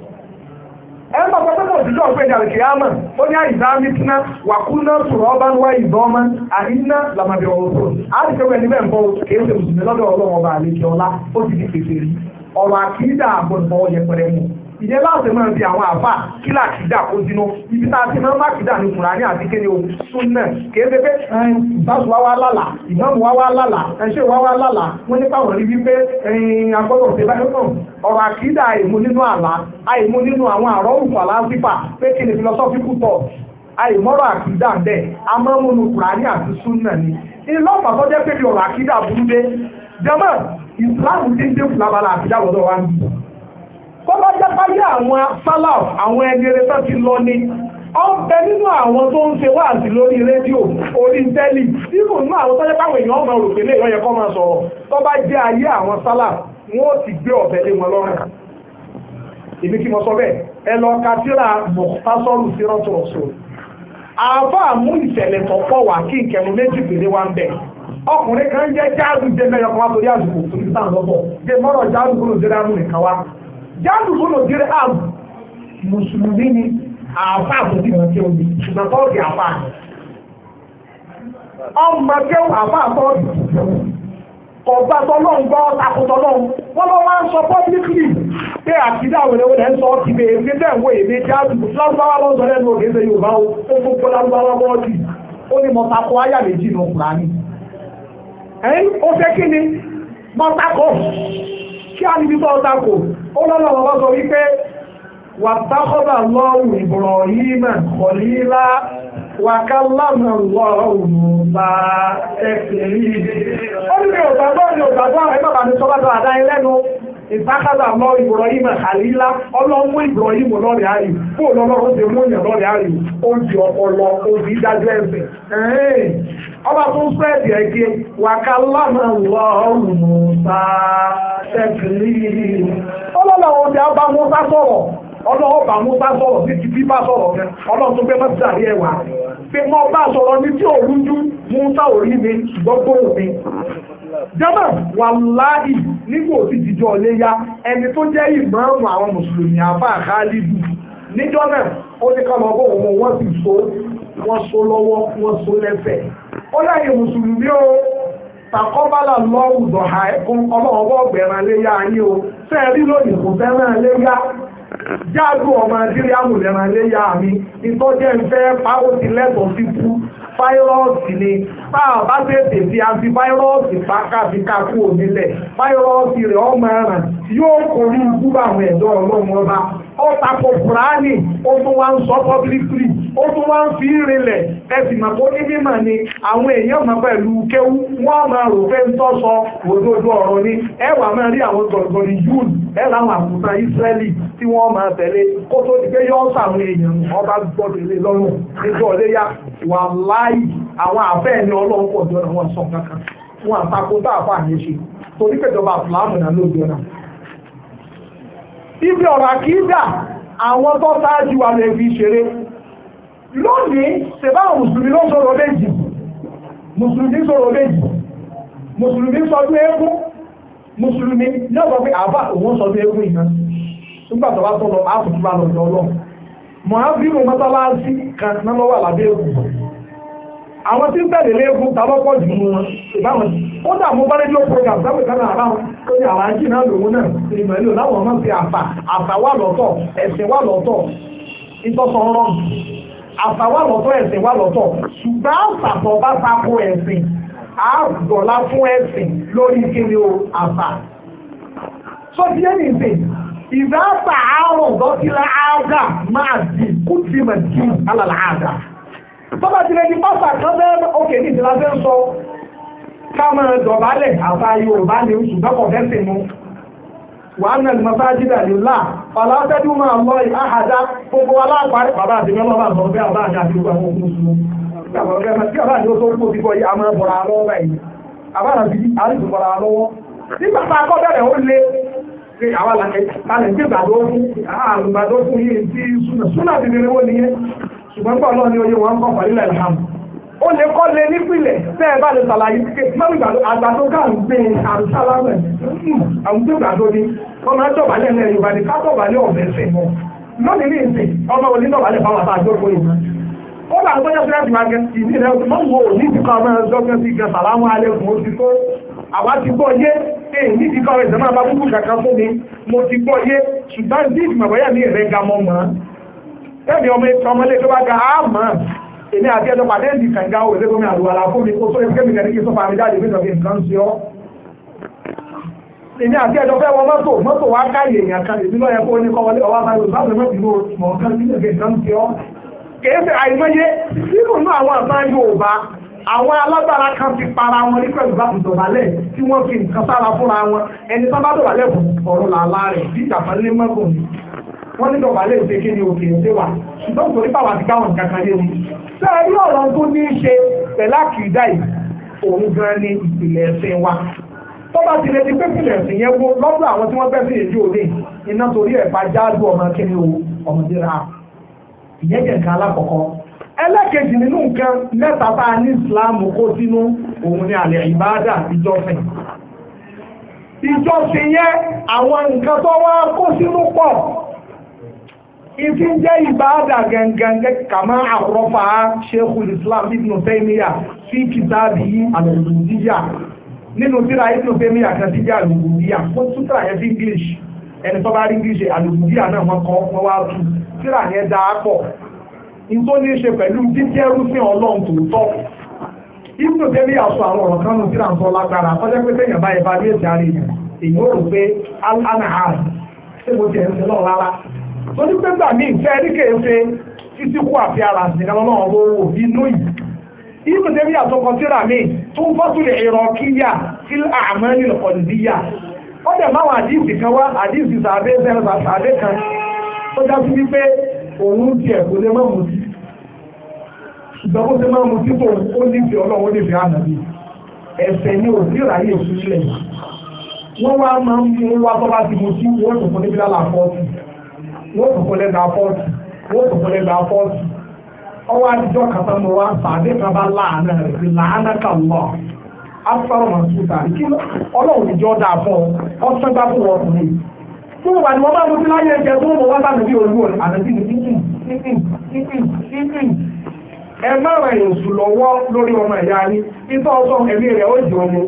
ẹ ń bá pẹ́ pẹ́ òjijì ọ̀gbẹ́ ìdàlẹ̀ kìyàmà ó ní àyíká mítínà wàkúnná sùrọ̀ ọba ń wá ìdọ́mọ àyínná làmàbí ọ̀rọ̀ á ti kẹ́wé ẹni bẹ́ẹ̀ ń bọ́ kìí ṣe mùsùlùmí lọ́dọ̀ ọlọ́run ọba àlejò ọlá ó ti di pèsè rí ọ̀rọ̀ àkìdá àgbọ̀nbọ̀ yẹpẹrẹ mu ìyẹn láti máa bi àwọn àfà kí làkìdá kó dínú ibi tá a ti máa ń mákìdá ní kùránì àti kéde o súnà kéde pé ìbáṣu wa wá lálà ìmáàmù wa wá lálà ẹṣẹ wa wá lálà wọn nípa wọn rí wípé agbọ́dọ̀ ṣe báyìí náà ọ̀rọ̀ àkìdá àìmú nínú àlá àìmú nínú àwọn àrọ́rùn fàlásífà pé kí ni philosophical thought àìmọ́rọ̀ àkìdá bẹ́ẹ̀ amọ́múnu kùránì àti súnà ni ìlọ́pàá tó jẹ́ pé bí ọ̀rọ̀ àkìdá burú dé jẹ́mọ́ ìsìláàmù ti bọ́lá jápáyé àwọn sálà àwọn ẹni eré tó ti lọ ni ó ń bẹ nínú àwọn tó ń ṣe wáàsí lórí rédíò orí tẹ́lì nínú nínú àwọn tó jẹ́ káwọn èèyàn ọmọ òròpé lè yọyẹ kọ́ máa sọ̀rọ̀ tó bá jẹ́ ayé àwọn sálà wọn ò sì gbé ọ̀bẹ lé wọn lọ́rùn èmi kí mo sọ bẹ́ẹ̀ ẹ lọ ka síra mọ̀tásọ́rù síra tọ̀rọ̀ sọ àbá mú ìṣẹ̀lẹ̀ tó pọ̀ kí ìkẹnu méjì péré wá ń bẹ̀ ọkùnrin kan jẹ́ jáàrú jẹ́ mẹ́yọkọ̀ wá torí àdúgbò tó ní sáà lọ́bọ̀ jẹ́ mọ́rọ̀ jáàrú gbọ́dọ̀ jẹ́ dáàmú wá jáàmù fún òjìrì àmù mùsùlùmí ni àáfà àbòdì wọn tí omi ṣùgbọ́n tó di àáfà ni ọmọ kéwù àáfà tó di ìjọba ọba tọlọ́hún gbọ́ takùtọ̀lọ́hún wọ́n lọ wá ń sọ publicly pé àtìdá òwèrèwò lẹ́ ń sọ ti bèèrè ní bẹ́ẹ̀ wo èmi jáàmù lárúbáwá ló ń sọ lẹ́nu òkè ṣe Yorùbá o ó fún pé lárúbáwá bọ́ọ̀dì ó ní mọ fẹ́ kí ni mọ kí á níbi tó ọta kò ó lọ́nà ọ̀rọ̀ sọ wípé wàtàkọ́bà lọ́rùn ìbùrọ̀hìmà kọ̀lílá wàkálàmà lọ́rùn bá ẹ̀fẹ̀ yìí. ó ní mi ò gbàgbọ́ mi ò gbàgbọ́ ẹ̀ bàbá mi sọ bá tó àdáyé lẹ́nu ìbákàlà lọ Ibrahim àlílá ọlọ́mú Ibrahim lọ́rẹ̀ ààyè fóònù ọlọ́run ti mú yàn lọ́rẹ̀ ààyè ó di ọpọlọ òbí dájú ẹsẹ̀ ọba tó ń sọ ẹ̀dì ẹ̀kẹ́ wàká lánà lọ́rùn sá tẹ̀kìlì ọlọ́lọ́run ti bá Musa sọ̀rọ̀ ọlọ́wọ́ bá sọ̀rọ̀ ní ti sọ̀rọ̀ tó gbé bá sọ̀rọ̀ ní tí mi gbogbo jọba wàláì nígbà òsì jíjọ léyà ẹni tó jẹ́ ìmọ̀ràn àwọn mùsùlùmí àbá àkálíbù níjọ́ náà ó ní ká lọ wọ́n sì so wọ́n so lọ́wọ́ wọ́n so lẹ́sẹ̀ ó mùsùlùmí o lọ́wọ́ dọ̀hà ẹ̀kún ọlọ́wọ́ o rí lónìí fáírọ́ọ̀sì ni tá a bá tètè fi antivirọ́ọ̀sì pákàbí kakú onílẹ̀ fáírọ́ọ̀sì rẹ̀ ọmọ ẹ̀ràn yóò kórìí ikú bá àwọn ẹ̀dọ́ ọlọ́run ọba ó takò kùránì ó tún wá ń sọ publicly ó tún wá ń fi rinlẹ̀ ẹ̀sìn mà ní ni àwọn èèyàn mọ̀ pẹ̀lú kéwú wọ́n máa rò pé ń tọ́sọ òdodo ọ̀rọ̀ ni ẹ máa rí àwọn gọ̀gọ̀rì yúùn ẹ láwọn àkùnfà ìsírẹ́lì tí wọ́n máa tẹ̀lé kó tó di pé yọ́ sàwọn èèyàn ọba gbọ́dọ̀ lé lọ́rùn nígbà ọ̀lẹ́yà wà láì àwọn àfẹ́ ni ọlọ́run pọ̀ àwọn tó lónìí ṣèbá mùsùlùmí ló sọ̀rọ̀ méjì mùsùlùmí sọ̀rọ̀ méjì mùsùlùmí sọdún eégún mùsùlùmí yóò sọ pé àbá òun sọdún eégún ìkan nígbà tó bá tọ̀nà àfùtúbà lọ́dọ̀ ọlọ́run mọ̀hábírù mọ́tálásí kan náà lọ́wọ́ àlàbí eégún àwọn tí ń tẹ̀lé léegun ta lọ́pọ̀ jù mú wọn ìbáwọn ó dà mú bárẹ́dì ó program sábẹ̀ kan náà àbáwọn tó ní àwọn ají náà lòun náà ìmọ̀ ìlú láwọn ọmọ sí àfà àfà wà lọ́tọ̀ ẹ̀sìn wà lọ́tọ̀ ìtọ́sọ̀ ọ̀rọ̀ àṣà wà lọ́tọ̀ ẹ̀sìn wà lọ́tọ̀ ṣùgbọ́n àṣà tó bá tako ẹ̀sìn á dọ̀la fún ẹ̀sìn lórí kíni o àṣà. sọ ti yé nìyí ìdá àṣà àárọ̀ dọ́kílá ága máa di kùtì màdì alàlà ága. tọ́ba ti lè di pásà kan bẹ́ẹ̀ òkè ní ìdílé abẹ́ ń sọ ká máa dọ̀bálẹ̀ àṣà Yorùbá ni ṣùgbọ́n kọ̀ wàhánà ní masáájì dàdí ńlá fàlà tẹ́jú máa lọ àhàdá gbogbo aláàpárí bàbá àti mẹ́lọ́ bá sọ bẹ́ẹ̀ bá àti gbogbo àwọn ohun sùn. Tí ó lè kọ́ lé nípìnlẹ̀ bẹ́ẹ̀ bá lè ṣàlàyé pé mọ́mí àgbàdo ká ń gbé àrùsálámẹ̀ hmm, àwùjọ àgbàdo ni wọ́n máa ń dọ̀bálẹ̀ ní ẹ̀yìn ìbàdí ká dọ̀bálẹ̀ ọ̀bẹ̀ ṣẹ̀ lónìí ní ìsìn ọmọ òní dọ̀bálẹ̀ fáwọn àtàjọ́kọ̀ yìí ó bá àwọn ọjọ́ fẹ́ẹ́ fìwà gẹ̀ẹ́sì ní ilẹ̀ ọdún mọ́wọ́ òní ti kọ́ ọmọ ẹ̀rọ gẹ̀ẹ́sì gẹ̀ sàlámù alẹ́kùn ó ti tó àwa ti gbọ́ yé èyí ní ti kọ́ ẹ̀sẹ̀ máa búkú kankan fún mi mo ti gbọ́ yé ṣùgbọ́n bí ìgbìmọ̀ bọ́yà mi rẹ̀ ga mọ́ mọ́ ẹ̀mí ọmọ ẹ̀tọ́ ọmọlé tó bá ga á èmi àti ẹjọ́ pàdé ìdí kànga ò èdè gómìnà àlùwà là fún mi kó tó lè fẹ́ mi kẹ́ni kí n sọ́fà mi jáde mi lọ́ọ́ fi nǹkan sí ọ́. èmi àti ẹjọ́ fẹ́ wọ mọ́tò mọ́tò wá káyè èèyàn kan èmi lọ́ọ́ yẹ kó ní kọ́ wọlé ọwọ́ àbáyọ sáfẹ́ mọ́tò ìlú mọ̀ nǹkan sí lọ́ọ́ fi nǹkan sí ọ́. kèé ṣe àìmọye nínú inú àwọn àbáyọ Yorùbá àwọn alágbára kan ti para wọn ní pẹ̀lú bá ìdọ̀bálẹ̀ tí wọ́n fi nǹkan sára fúnra wọn ẹni sábà dọ̀bálẹ̀ fún ọ̀rọ̀ làlá rẹ̀ bí ìjàpá lé mọ́kùnrin wọ́n ní dọ̀bálẹ̀ ìṣe kí ni òkè ṣe wà ṣùgbọ́n torí pàwọ́ àti káwọn nǹkan kan yé ọ̀rọ̀ tó ní ṣe pẹ̀lú àkìdá yìí òun gan wa tọ́ba ti lè àwọn tí wọ́n fẹ́ sí òde iná torí ẹ̀ ọmọ kíni o ọmọdé ra nǹkan alákọ̀ọ́kọ́ ẹlẹ́kejì nínú nǹkan mẹ́ta a ní ìsìláàmù kó sínú òun ni àlẹ́ isi ń jẹ́ ìbáàdà gẹ̀ǹgẹ̀ǹgẹ̀ kàmá Sheikhul Islam Ibn Taymiyyah fi kìtàbí àlùbùdíyà ninu síra Ibn Taymiyyah kan síjà àlùbùdíyà fún sútà yẹn sí English ẹni tó bá rí English àlùbùdíyà náà wọ́n kọ́ wọ́n wá tú síra yẹn dáa pọ̀ ìtò ní ṣe pẹ̀lú ọlọ́run sọ àwọn ọ̀rọ̀ kan nù ń sọ lágbára kọjá pé bá torí pé gbà mí ìfẹ́ rí kéèfé títí kú àfi ara nìkan lọ́wọ́ owó inú yìí ibi tẹ́bí àtọkọ síra mi tó ń fọ́tulẹ̀ ìrọ̀kíyà sí àmọ́lì ọ̀dìyà ó dẹ̀ máwọn àdìsí kan wá àdìsí sàbẹ́ sẹ́rẹ̀ sàbẹ́ kan tó já sí wípé òun tiẹ̀ kò lè má mutí ṣùgbọ́n kó lè má mutí tó ó nífẹ̀ẹ́ ọlọ́run ó nífẹ̀ẹ́ ànàbí ẹ̀sẹ̀ ni òbí ráyè sílẹ̀ wọ́n wá máa ń mú wá bọ́ bá ti mutí wọ́n tó fún níbi lálàá fọ́ọ̀tì fún lẹ́gbàá fọ́ọ̀tì wọ́n tó fún lẹ́gbàá fọ́ọ̀tì ọwọ́ àdìjọ́ kàtà mọ̀ wá sàdé kan bá láàánà rẹ̀ sí láàánà kan lọ afárò máa tún tà kí ọlọ́run ìjọ dáa fún ọ ọsán gbá fún ọkùnrin tó wà ní wọn bá mú sí láyé ẹ̀jẹ̀ tó mọ̀ wá sàdé bí olú ọ̀nà àdàbí ní kíkì kíkì kíkì kíkì ẹ má rẹ̀ èsù lọ́wọ́ lórí ọmọ ẹ̀yà yín nítorí ọsọ ẹ̀mí rẹ̀ ó jẹun ní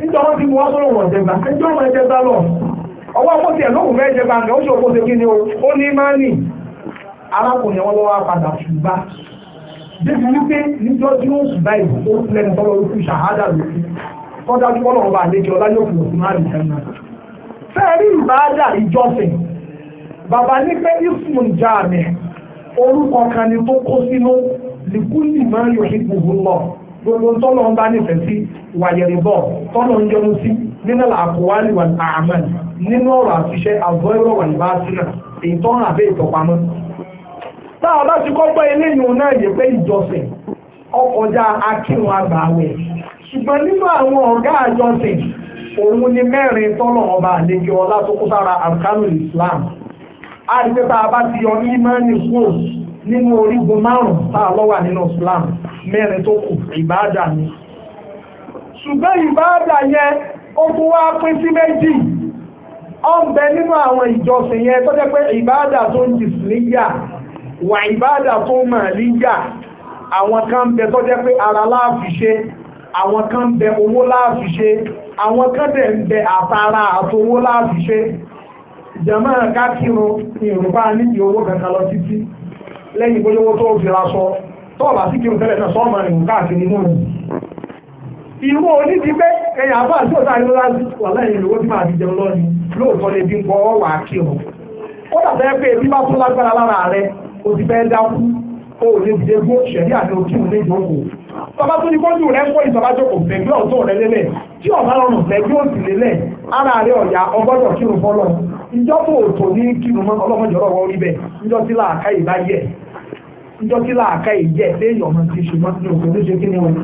nítorí wọn ti mú ọsọ lọ́wọ́ ọ̀jẹ̀gbà ẹjọ́ ọmọ ẹ̀jẹ̀ gbá lọ ọwọ́ àpótí ẹ̀ lóhùn fẹ́ jẹ gbàǹgà ó ṣe òkú ṣe kí ni o ó ní má nì arákùnrin wọn lọ́wọ́ padà ṣùgbà débi wípé níjọ́ tí ó ṣùgbà ìbò ó lẹ́nu tọ́lọ́ lókù ṣàhádà lókù tọ́jà tí wọ́n bá àlejò ọlá yóò fi òkú má rí ẹnu fẹ́ẹ̀rí ìbáàdà ìjọsìn bàbá ní pé ismun jaami orúkọ kan ni tó kó sínú likuli máa yọ ìbùbù lọ gbogbo tọ́lọ́ ń bá nífẹ̀ẹ́ sí wàyẹ̀rìbọ̀ tọ́lọ́ ń yọnu sí nínú àkùwálì wà àmàlì nínú ọ̀rọ̀ àfiṣẹ́ àbọ̀ ẹ̀rọ wà ní báàsì náà èyí tó ń rà bẹ́ẹ̀ ìtọ̀pamọ́. tá a bá ti kọ́kọ́ eléyìí náà yẹ pé ìjọsìn ọkọjá akírun àgbàwẹ̀ ṣùgbọ́n nínú àwọn ọ̀gá àjọsìn òun ni mẹ́rin tọ́lọ̀ ọba àlejò ọlá tó kó sára àrùkánù Islam a rí pé tá a bá ti yọ ní mẹ́rin kúrò nínú orígun márùn tá a lọ́wà nínú Islam mẹ́rin tó kù ìbáàdà ni ṣùgbọ́n ìbáàdà yẹn ó tún wá pín sí méjì ọ̀nbẹ nínú àwọn ìjọsìn yẹn tó jẹ́ pé ìbáàdà tó ń jìsìlíyà wà ìbáàdà tó ń màlíyà àwọn kan bẹ tó jẹ́ pé ara láàfi ṣe àwọn kan bẹ owó láàfi ṣe àwọn kan dẹ̀ ń bẹ àtàrà àtowó láàfi ṣe jàmá kákìrún ní ìrùbá níbi owó kankan lọ títí lẹ́yìn bóyówó tó fi ra sọ tọ́ọ̀bà sí kírun tẹ́lẹ̀ náà sọ́ọ̀mà ìrùn káàkiri mú ìwọ onídìí pé ẹ̀yà bá àti òtá ìlú láti wà lẹ́yìn tí máa fi jẹun lọ ni lóòótọ́ lè bí ń pọ̀ wà kí o ó dàbẹ́ pé ebi bá tún lágbára lára rẹ o ti fẹ́ dákú o ò lè dìde àti òkú ní ìdókòó bàbá tó ní kọ́jú rẹ kọ́ rẹ lélẹ̀ tí ọ̀bá òsì lélẹ̀ ara rẹ ọ̀yà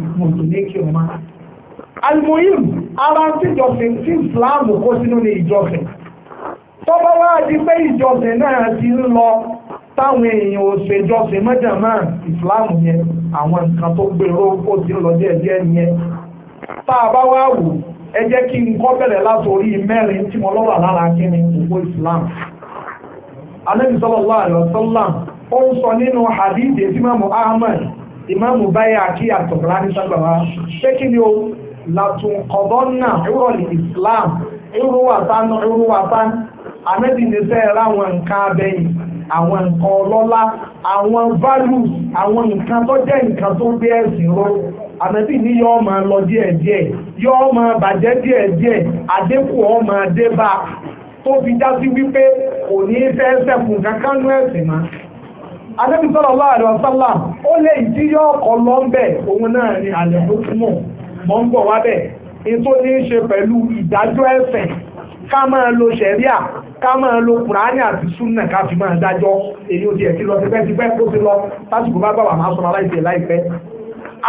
rí bẹ́ẹ̀ almuhim ara ń ìjọsìn tí ìsìláàmù kó sínú ní ìjọsìn tó wá di pé ìjọsìn náà ti ń lọ táwọn èèyàn ò ṣèjọsìn mọ́jàmá ìsìláàmù yẹn àwọn nǹkan tó gbèrò ó ti lọ díẹ̀díẹ̀ yẹn tá a bá wá wò ẹ jẹ́ kí n kọ́ bẹ̀rẹ̀ látòrí mẹ́rin tí mo lára kí ni alẹ́bí ń sọ nínú látúnkọ̀dọ́nà ìrọ̀lì Islam ìrúwàtán ìrúwàtán àmẹ́bí ní sẹ́ẹ̀ ráwọn nǹkan abẹ́yìn àwọn nǹkan ọlọ́lá àwọn nka àwọn nǹkan tó jẹ́ nǹkan tó gbé ẹ̀sìn ró àmẹ́bí ní yọọ máa lọ díẹ̀díẹ̀ yọ́ máa bàjẹ́ díẹ̀díẹ̀ àdínkù ọ́ máa dé bá tó fi já sí wípé kò kankan ó ìdí mọ́ ń bọ̀ wábẹ̀ ètò ní í ṣe pẹ̀lú ìdájọ́ ẹ̀fẹ̀ ká máa lo ṣẹ̀ríà ká máa lo kùránì àti súnà ká fi máa dájọ́ èyí ò tiẹ̀ ti lọ tipẹ́ tipẹ́ kó ti lọ lásìkò bá bàbá máa sọ̀rọ̀ aláìsẹ̀ láìpẹ́.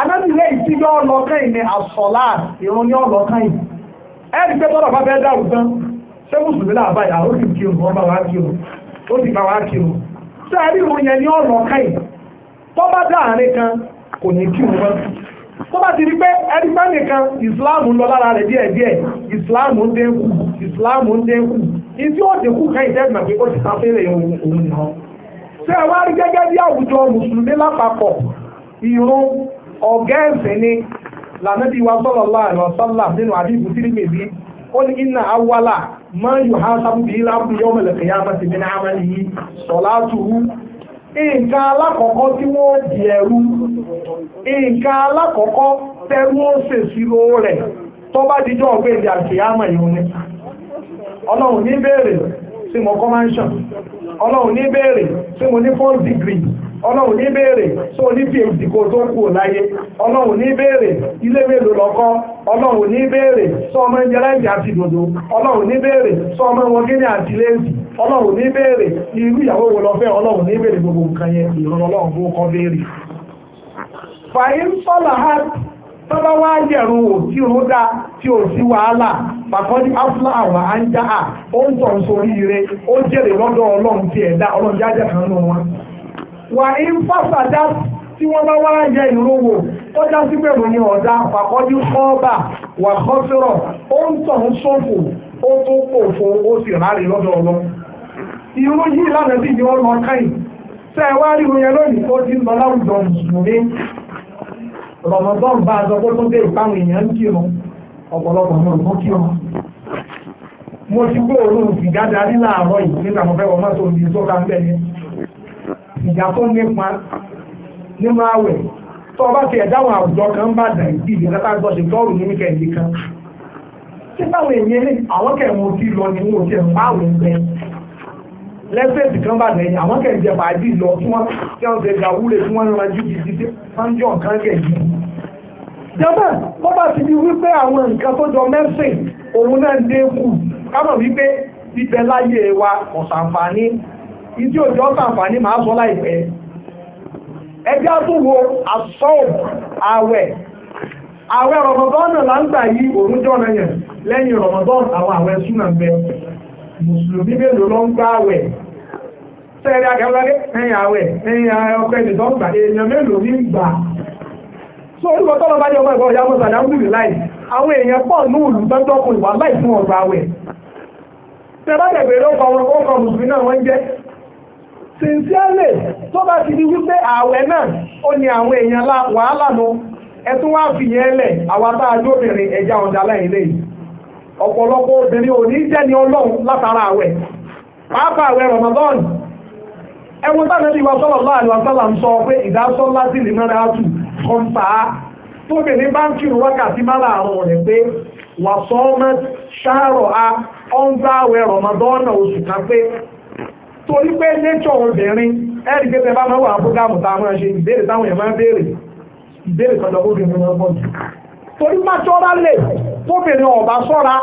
anábìlẹ̀ ìtijọ́ ọlọ́kàn ní àsọ̀lá ìrún ní ọlọ́kàn yìí ẹ̀rí pé tọ́lọ̀ bá fẹ́ dàrú tán ṣé mùsùlùmí náà báyà ó sì kí òun ọba wa kí òun ó sì bá wa kí òun ṣé ẹ̀rí ìrún yẹn ní ọlọ́kàn yìí tọ́ bá dáàrin kan kò ní kí òun mọ́ tó bá ti rí pé ẹni pé nìkan ìsìláàmù ń lọ lára rẹ̀ díẹ̀ díẹ̀ ìsìláàmù ń dínkù ìsìláàmù ń dínkù ìdí ó dínkù kẹ́yìn tẹ́sí màgbé ó ti ta fẹ́rẹ̀ òun nìkan. ṣé ẹ wá rí gẹ́gẹ́ bí àwùjọ mùsùlùmí lápapọ̀ ìrun ọ̀gá ẹ̀sìn ni lànàbí wa sallallahu alaihi wasallam nínú àdìbù tìrìmìbí ó ní inna awwala ma yuhasabu bihi al-abdu yawm al-qiyamati min amalihi salatuhu nǹkan alákọ̀ọ́kọ́ tí wọ́n di ẹ̀rú nǹkan alákọ̀ọ́kọ́ tẹ́rú ó ṣe síro rẹ̀ tó bá dijọ́ ìdí àti àmà ọlọ́run ní bèèrè mo convention ní degree phd tó láyé ọlọ́run ní bèèrè ilé mélòó lọ́kọ́ ọlọ́run ní bèèrè ọmọ àti ọlọ́run ní béèrè irú ìyàwó wo lọ fẹ́ ọlọ́run ní gbogbo nǹkan yẹn ìrọ̀rọ̀ ọlọ́run fàyín ha tọ́lá wá yẹ̀rù wò tí ó dá tí ó sí wàhálà pàkọ́jú áfúlà àwọn à ó ń tọ̀ sórí ó lọ́dọ̀ ọlọ́run ti ẹ̀dá ọlọ́run kan nù wọn. tí wọ́n bá wá yẹ ìró wò ó já sí pẹ̀lú wà kọ́sírọ̀ ó ń ó irú yìí lánàá bí ni wọ́n mọ káyìn tẹ́ ẹ wá rí oyin lónìí tó ti ń lọ láwùjọ mùsùlùmí rọ̀mọ̀dọ́n bá a sọ pé tó dé ìpamọ́ èèyàn ń kírun ọ̀pọ̀lọpọ̀ ní òkú kírun mo ti gbọ́ òórùn sìgá darí láàárọ̀ yìí nígbà mo fẹ́ wọ́n mọ́tò mi tó ká ń bẹ̀ yẹn sìgá tó nípa nínú àwẹ̀ tó o bá ti ẹ̀dáwọn àwùjọ kan bá dà ìdí ìdí látà gbọ́ ṣe tọ́ọ̀rù ní kẹ̀kẹ́ kan ṣé báwọn èèyàn àwọn kẹ̀wọ̀n ti lọ ni wọn ò ti ẹ̀ ń ẹ̀ lẹ́sẹ̀sì kan bá lẹ́yìn àwọn kẹ̀jẹ̀ bàájì lọ tí wọ́n tí wọ́n ṣe gàwúrè tí wọ́n rán jù jìjì tí wọ́n jọ nǹkan kẹ̀jì. jẹ́bẹ̀ wọ́n bá ti di wípé àwọn nǹkan tó jọ mẹ́sìn òun náà ń dínkù kámọ̀ wípé bíbẹ láyé wa ọ̀sàǹfààní ìdí òjò ọ̀sàǹfààní máa sọ láìpẹ́. ẹjẹ́ àtúwò àsọ̀ọ̀ àwẹ̀ àwẹ̀ rọ̀mọ̀dọ́nù là ń gbà yí òun jọ̀nà yẹn lẹ́yìn rọ̀mọ̀dọ́nù àwọn àwẹ̀ súnà bẹ́ẹ̀ mùsùlùmí mélòó ló ń gbá àwẹ̀ sẹ́ẹ̀rí akẹ́wọ́lẹ́ ẹ̀yìn àwẹ̀ ẹ̀yìn ọkọ̀ ẹ̀dùn ń gbà èèyàn mélòó ní gbà so orúkọ tọ́lọ́ bá ní ọmọ ìwọ ìyá mọ́sàdá ń láì àwọn èèyàn pọ̀ ní òòlù tọ́jọ́ láì fún ọ̀gbà àwẹ̀ tẹ bá wọn mùsùlùmí náà wọ́n jẹ́ sincerely tó bá a ọ̀pọ̀lọpọ̀ obìnrin ò ní jẹ́ ni ọlọ́run látara àwẹ̀ pàápàá àwẹ̀ Ramadan ẹwọ́n tá nàbí wa sọ́lọ̀ láàrin wa sọ́là ń sọ pé ìdásọ́ láti lè mẹ́ra tù kọ́ńtà tóbi ní báńkì wákàtí má láàrùn rẹ̀ pé wà sọ́ọ́mọ́ ṣáàrọ̀ a ọ̀nzá àwẹ̀ Ramadan oṣù kan pé torí pé nature obìnrin ẹ̀rí pé tẹ bá máa wà fúgàmù tá a máa ṣe ìbéèrè táwọn èèyàn máa ń béèrè ìbéèrè kan lọ́wọ́ obìnrin tóbìnrin ọ̀bá sọ́ra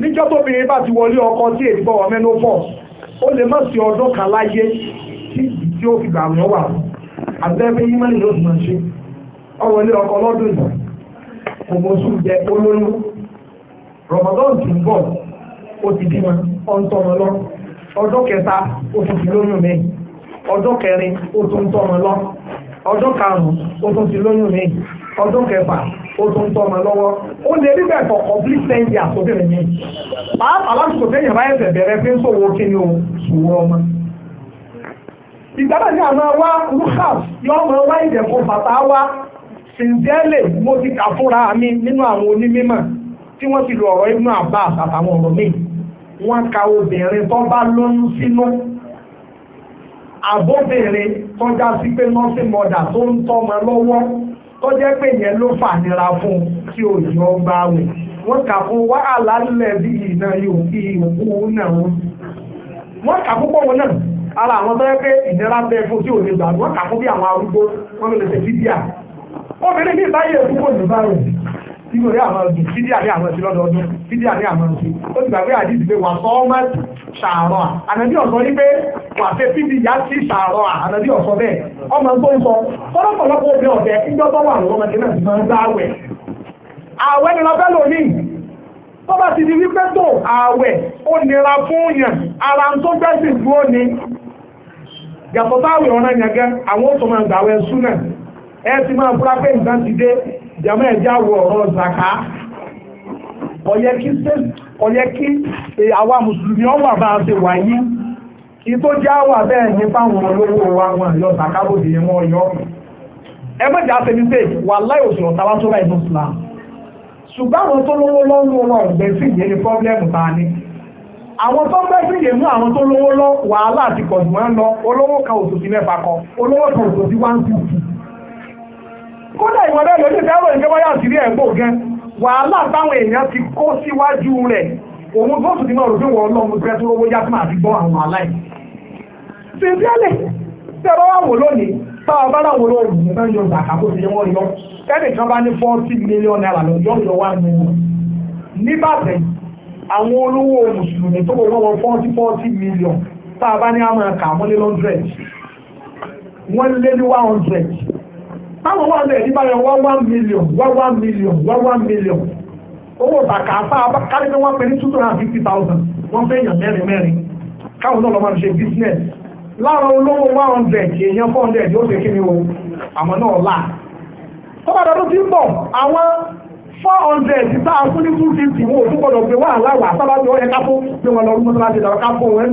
níjọ́ tóbìnrin bá ti wọlé ọkọ tí èdè bọ̀ wọ́n mẹ́nu pọ̀ ó lè má sí ọdún kan láyé tí tí ó fi gbà wọ́n wà abẹ́rẹ́ yín mẹ́rin ló máa ṣe ọ̀rọ̀ ilé ọkọ lọ́dún yìí kò mọ sùn jẹ olóyún Ramadan ti ń bọ̀ ó ti bímọ ó ń tọmọ lọ ọjọ́ kẹta ó tún ti lóyún mi ọjọ́ kẹrin ó tún ń tọmọ lọ ọjọ́ karùn-ún ó tún ti lóyún mi ọjọ́ kẹfà ó tún tọ́mọ lọ́wọ́ ó lè rí bẹ́ẹ̀ for complete ten years obìnrin yẹn pàápàá lásìkò téèyàn bá ẹsẹ̀ bẹ̀rẹ̀ fi ń ṣòwò kíni o ṣòwò ọmọ. ìgbàlá ni àmọ́ wá rúkàf yọ ọmọ wá ìdẹ̀kùn bàtà wá sìndẹ́lẹ̀ mo ti kà fúnra mi nínú àwọn onímọ̀ tí wọ́n ti lo ọ̀rọ̀ inú àbá àtàwọn ọ̀rọ̀ míì wọ́n ka obìnrin tó bá lóyún sínú àbóbìnrin tó já sí pé nọ́ọ̀sì mọ̀dà tó ń tọ́mọ lọ́wọ́ tó jẹ́ pé yẹn ló fà nira fún kí òjì ọgbà wẹ̀ wọ́n kà fún wàhálà lẹ̀ bí iná yòókù ìhòkú náà wọ́n kà fún pọ̀ wọn náà ara àwọn tó yẹ pé ìnira bẹ fún tí ò ní gbà wọ́n kà fún bí àwọn arúgbó wọn lè ṣe fídíà obìnrin ní ìbáyé ìdúgbò ìbáyé tí yóò rí àwọn ọdún fídíà ní àwọn ẹ̀sìn lọ́dọọdún fídíà ní àwọn ẹ̀sìn ó ti gbàgbé àdìsí pé wà sọ ọmọ ṣàárọ̀ à ànàbí ọ̀sọ́ ní pé wà fẹ́ fídí ìyá sí ṣàárọ̀ à ànàbí ọ̀sọ́ bẹ́ẹ̀ ọmọ tó ń sọ fọlọ́pọ̀lọpọ̀ obìnrin ọ̀fẹ́ ìjọ tó wà lọ́wọ́ ọmọdé náà ti máa ń gbá àwẹ̀ àwẹ̀ ni lọ́fẹ́ lónìí tó bá ti di wípé tó àwẹ̀ ó nira fún yàn ara ń tó gbẹ́sìn dúró ni yàtọ̀ táwẹ̀ ọ̀ràn yàn gan àwọn ó tó máa gbàwẹ̀ súnà ẹ ti máa fura pé nǹkan ti dé jàmọ́ ẹ̀já wọ ọ̀rọ̀ zaka ọ̀yẹ́ kí e, àwa mùsùlùmí ọ̀wà bá a ṣe wà yín kí tó já wà bẹ́ẹ̀ ní fáwọn olówó wa wọn yọ zaka bó di wọn yọ ẹ mọ̀jà ṣe ní sèé wà láì òṣèlú táwa tó báyìí ní Islam ṣùgbọ́n àwọn tó lówó lọ́wọ́ wọn ọ̀gbẹ́ sí ìyẹn ní pọ́blẹ́mù tá a ní àwọn tó bẹ́ẹ̀ sì yé mú àwọn tó lówó lọ wàhálà àti kọ̀dùnmọ́ lọ olówó kan òṣòṣì mẹ́fà kan olówó kan òṣòṣì wá ń kú kódà ìwọ náà lójú ìdáwọ̀ ìjọba yà sí rí ẹ̀gbọ́ gan wàhálà táwọn èèyàn ti kó síwájú rẹ̀ òun tó sì ti máa rò pé wọ́n lọ́mú pẹ́ tó lówó yá tí màá fi gbọ́ àwọn aláì. sincerely tẹ́rọ wà wò lónìí a bá náà wò lóòrùn ní bá ń yọ zàkà bó ti yẹ wọ́n yọ ẹnìkan bá ní forty million naira lọ yọ yọ wá nínú. níbàdàn àwọn olówó mùsùlùmí tó kọ wọ́n wọ forty forty million tá a bá ní àmọ́ ẹ̀ka wọ́n lé one hundred wọ́n lé ní one hundred táwọn wà ní ẹ̀yìn báyọ̀ wá one million wá one million wá one million owó ìtàkà afá kárí pé wọ́n pè ní two hundred and fifty thousand wọ́n fẹ́ yàn mẹ́rin mẹ́rin káwọn náà lọ́ máa ṣe business lára olówó one hundred èèyàn four hundred yóò ṣe kí ni o àmọ́ náà là tó bá dọdún tí ń bọ̀ àwọn four hundred ti tá a fún ní two fifty wọn ò tún gbọdọ̀ pé wàhálà wà sábà tí wọ́n yẹ ká fún pé wọn lọ rú mọ́tò láti dàrọ́ ká fún wọn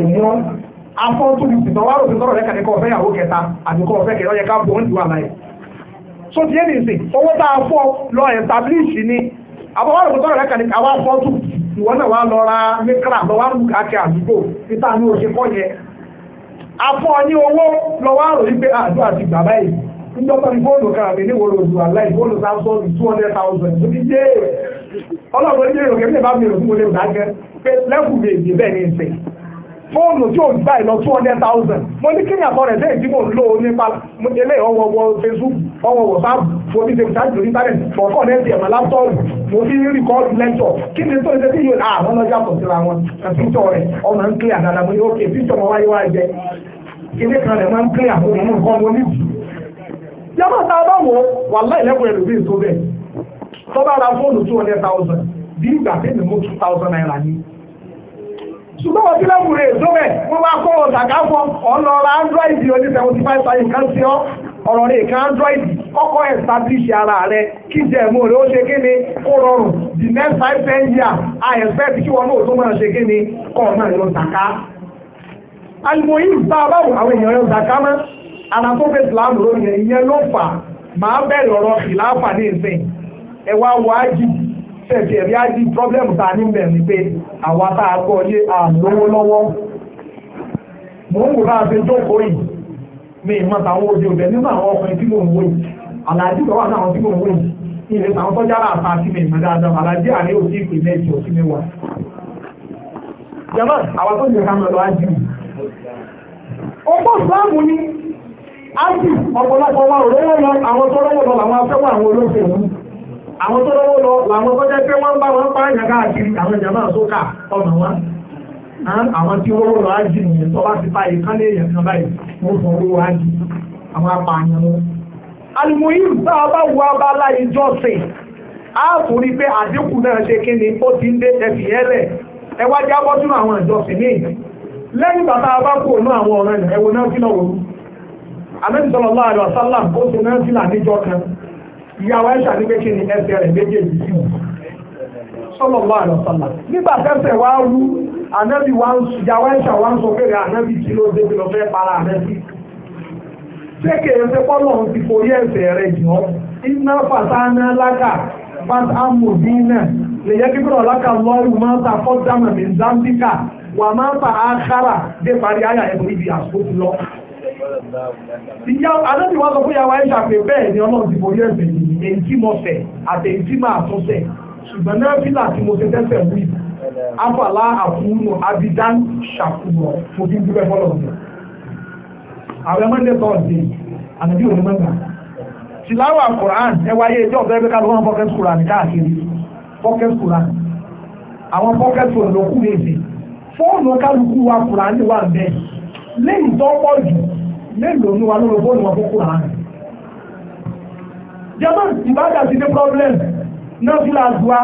ẹ̀ afọ tó fi sìtọ́ wá tọrọ tọ́rọ̀ lẹ́kàdé kọ́ ya ìyàwó kẹta àbí kọ́ ọ̀fẹ́ kẹta ọ̀yẹ ká bọ̀ ń ju àlàyé. so ti ní ìsìn owó tá a fọ́ lọ establish ni àbọ̀ wá ròfin tọ́rọ̀ tó ìwọ náà mikra káàkiri àdúgbò níta ní kọ́ yẹ. ní owó ah, ní fóònù kan níwòrò fóònù fóònù tí ò gbà ìlọ two hundred thousand mo ní kíni àbọ̀ rẹ̀ lẹ́yìn tí mò ń lò nípa eléyìí ọwọ́ wọ facebook ọwọ́ whatsapp mo fi ṣèkìtà jù láptọ́ọ̀lù mo fi rìkọ́ọ̀dù lẹ́jọ̀ kí ni tó ń ṣe tí yóò à ah, wọ́n lọ́jà pọ̀ síra wọn àtúntọ̀ rẹ̀ ọmọ ń kílẹ̀ àdàlà mo ní ókè wáyé wá jẹ ilé kan rẹ̀ máa ń kílẹ̀ àwọn ọmọ nǹkan mo ní. yàrá bá wọ ṣùgbọ́n wọ́n ti lẹ́wù rẹ̀ sóbẹ̀ wọ́n bá android oní seventy five sí ọ ọ̀rọ̀ rẹ̀ kan android kọ́kọ́ ara rẹ kí jẹ́ ẹ̀mú ó ṣe kí ni ó rọrùn the next five ten years i expect kí wọn náà tó máa ṣe kí ni kọ́ ọ̀nà ìlú bá a bá wù àwọn èèyàn mọ́ ara tó fẹ́ lónìí ní ṣẹ̀ṣẹ̀ ẹ̀rí á problem pọ́blẹ́mù a ní ni pé àwa tá a gbọ́ yé a ṣe jókòó yìí mi ì mọ tàwọn òde òbẹ nínú àwọn ọkùnrin tí mò ń wò yìí àlàájì lọ́wọ́ àwọn tí mò ń wò yìí ilé tàwọn tọ́jà rà ta sí mi ìmọ̀ dáadáa òsì òsì mi wà. jẹ́mọ́ tó lọ ájú ọgbọ́n ni ájú ọ̀pọ̀lọpọ̀ wa lọ àwọn tó lọ àwọn tó lọ́wọ́ lọ làwọn tó jẹ́ pé wọ́n bá wọn pààyàn káàkiri àwọn ìjàmbá sókà ọmọ wọn àwọn tí wọ́n lọ ájì nìyẹn tó bá ti báyìí lè kan báyìí wọ́n fọ owó ájì àwọn wọn. a bá kò rí pé àdínkù náà ṣe kí ni ó ti ń dé ẹfì yẹn ẹ wá jẹ́ ìyàwó ẹ̀ṣà ní méjì ní ẹsẹ̀ rẹ̀ méjèèjì sí wù sọ́lọ̀ bá àlọ́ sọ́lá nígbà tẹ́sẹ̀ wá rú ànábì wá ń sùn ìyàwó ẹ̀ṣà wá ń sọ pé ànábì kí ló débi lọ fẹ́ para ànábì ṣé kèrè ṣe pọ́lọ̀ ń ti forí ẹsẹ̀ rẹ̀ jù ọ́ iná fàtánà lákà fat amòdínà lè yẹ kí bọ́lọ̀ lákà lọ́rù máa ta fọ́dámà ní zambika wà máa ta àkàrà dé parí àyà ẹ̀ Ìyá Adébí wá sọ fún ìyàwó Aisha pé bẹ́ẹ̀ ni ọlọ́run ti borí ẹ̀sẹ̀ yìí èyí tí mo fẹ̀ àtẹ̀yí tí máa tún fẹ̀ ṣùgbọ́n náà fílà tí mo ṣe tẹ́sẹ̀ wí. Afàlá àfúnù Abidan ṣàkùnrọ̀ fojú dúpẹ́ fọ́lọ̀ mi. Àwọn ẹ̀mọ́ ní Tọ́sí, àdàbí òní mẹ́ta. Tìláwà Kùrán ẹ wáyé ẹjọ́ ọ̀fẹ́ bí káàdùn wọn pọ́kẹ́tì Kùrán káàkiri. Pọ́kẹ́tì Kùrán. Àwọn pọ́kẹ́tì Kùrán ló kú lè ṣe. Fóònù kálukú wa Kùrán wà mélòó ní wa lórí fóònù wọn fún kúrò àná. german ìbájà ti dé problem náà fi láàzù wa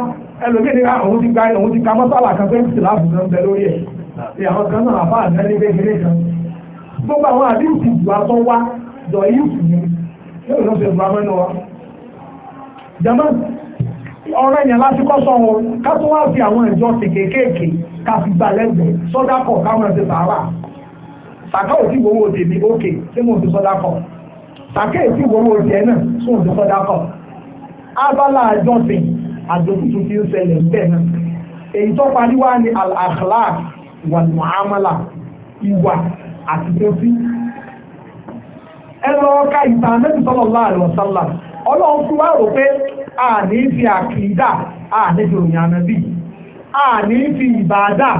ẹlòmíì ní àwọn ti gba àwọn ti ka mọ́sálà kan pé ìsìláàbù náà ń bẹ lórí ẹ̀ ní àwọn kan náà àbá àná ní kékeré kan gbogbo àwọn àdéhùn ti jù àtọ́ wá dọ̀ yìí kù ní yóò lọ sí ìgbà mẹ́nu wa. german ọ̀rọ̀ ẹ̀yàn láti kọ́ sọ wọn ká tó wá fi àwọn ìjọ sì kéékèèké ká fi sọ́dá kọ̀ káwọn ẹ̀ sàkà òsì wo owó tèmi ókè tí mo ti sọdá kọ sàkà èsì wo owó tẹ náà tí mo ti sọdá kọ abala àjọsìn àjòkútù ti ń ṣẹlẹ̀ ń bẹ̀ náà èyí tó parí wá ní al-akhlaq wal muamala ìwà àti tẹ́sí ẹ lọ ka ìtàn Ànábì sallallahu alaihi wasallam ọlọ́run fún wa rò pé a ní fi àkìdá a ní fi òyìn ànábì a ní fi ìbàdà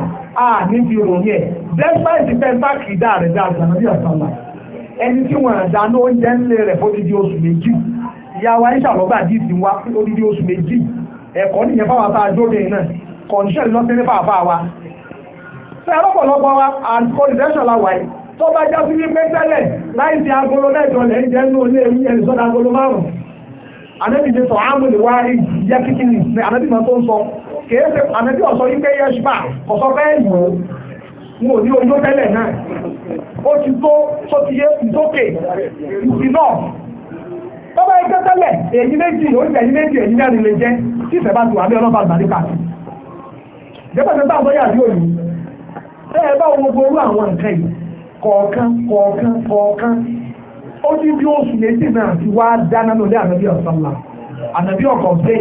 a níbi ìròyìn ẹ̀ despite the pentac ìdá rẹ̀ dá àgbànàbí àsálà ẹni tí wọ́n àdá ní oúnjẹ ńlẹ̀ rẹ̀ fódìdí oṣù méjì ìyàwó ayé ṣàlọ́gbà dì sí wa fódìdí oṣù méjì ẹ̀kọ́ nìyẹn fáwọn tá a jóde náà condition lọ́sẹ̀ ní fàáfàá wa ṣe ọlọ́pọ̀lọpọ̀ wa and condition la wáyé tó bá já sí wípé tẹ́lẹ̀ láì sí agolo mẹ́jọ lẹ́ ń jẹ́ ní olé ẹ̀rí ẹ̀rí sọ́dá agolo márùn-ún anábìyẹ sọ kìí ṣe àmẹ́bí ọ̀sọ́ yí pé yẹ́ṣbà ọ̀sọ́ fẹ́ mú un ò ní ojó tẹ́lẹ̀ náà ó ti tó tó ti yé ìdókè náà tó bá yẹ tẹ́lẹ̀ èyí méjì ó jẹ́ èyí méjì èyí mẹ́rin lè jẹ́ tí ìfẹ́ bá wà ní àgbàdì kàtì jẹ́pẹ̀sẹ̀ bá bá gbogbo àwọn nǹkan yìí kọ̀ọ̀kan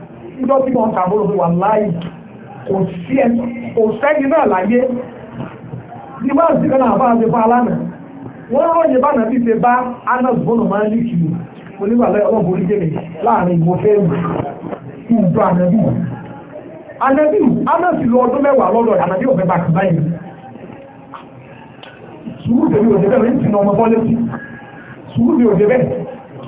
ìjọ tí wọ́n ta bọ́lọ̀ wà láàyè kò sí ẹ kò sẹ́ni náà láyé ní bá sì kánà àbá àti fún alánà wọ́n ròyìn bá bá máa ní orí láàrin ìwọ ànàbí ànàbí ọdún mẹ́wàá lọ́dọ̀ ànàbí bá báyìí tèmi ò débẹ̀ rẹ̀ ń ọmọ bọ́lẹ́sì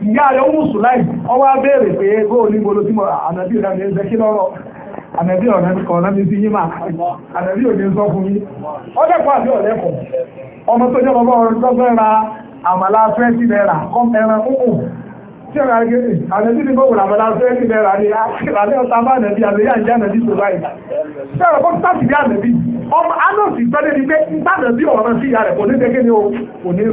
ìyá a ó mùsùn láì ọwọ́ abéèrè pé bó ní gbolo ànàbí ọ̀nà kí lọ́rọ̀ ànàbí ọ̀nà mi fi yín ànàbí sọ fún yín àbí ọmọ tó jẹ́ ọ̀rọ̀ tó fẹ́ ra àmàlà twenty naira kọ́ ẹran kúkú tí ọ̀rọ̀ àgbẹ̀ ànàbí ní àmàlà twenty naira ni àlẹ́ ọ̀tá bá ànàbí àlẹ́yà ń jẹ́ ànàbí tó báyìí tí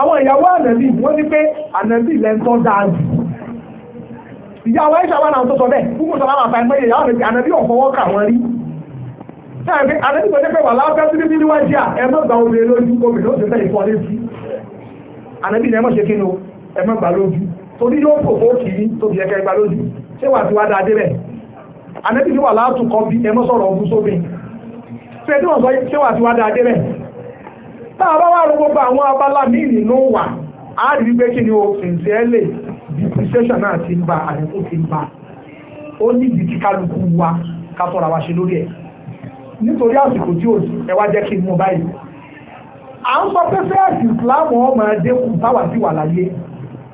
àwọn ìyàwó ànàbì wọ́n ní pé ànàbì lẹ́ńtọ́ dáa jù ìyàwó ẹ̀ṣẹ̀ wà náà tó sọ bẹ́ẹ̀ fún mùsùlùmí àwọn àfàìmọ́ ìyàwó ànàbì ànàbì ọ̀fọwọ́ kà wọ́n rí sáàbí ànàbì tó jẹ́ pé wà láwọ́ fẹ́ẹ́ síbi níwájú à ẹ má gba obìnrin lójú obìnrin ó sì fẹ́ ìfọ́ létí ànàbì ni ẹ má ṣe kí ni o ẹ má gbà lójú torí yóò fò fò kì í tóbi ẹ̀kẹ́ gbà lójú ṣé wà tí wàá da dé bẹ̀ ànàbì ni wà látùkọ́ bí ẹ sọ̀rọ̀ ọ̀gbùn sóbìn ṣé tí sọ ṣé wà tí wàá da dé bẹ̀ tá a bá wà lọ gbogbo àwọn abala míì nínú wà á rí wípé kí ni o sincerely depreciation náà ti ń ba àyẹ̀kú ti ń ba ó ní ibi tí kálukú wa ká tọ́ra wa ṣe lórí ẹ̀ nítorí àsìkò tí o ẹ wá jẹ́ kí n mú báyìí à ń sọ pé fẹ́ẹ̀sì ìsìláàmù ọmọ adékù táwa ti wà láyé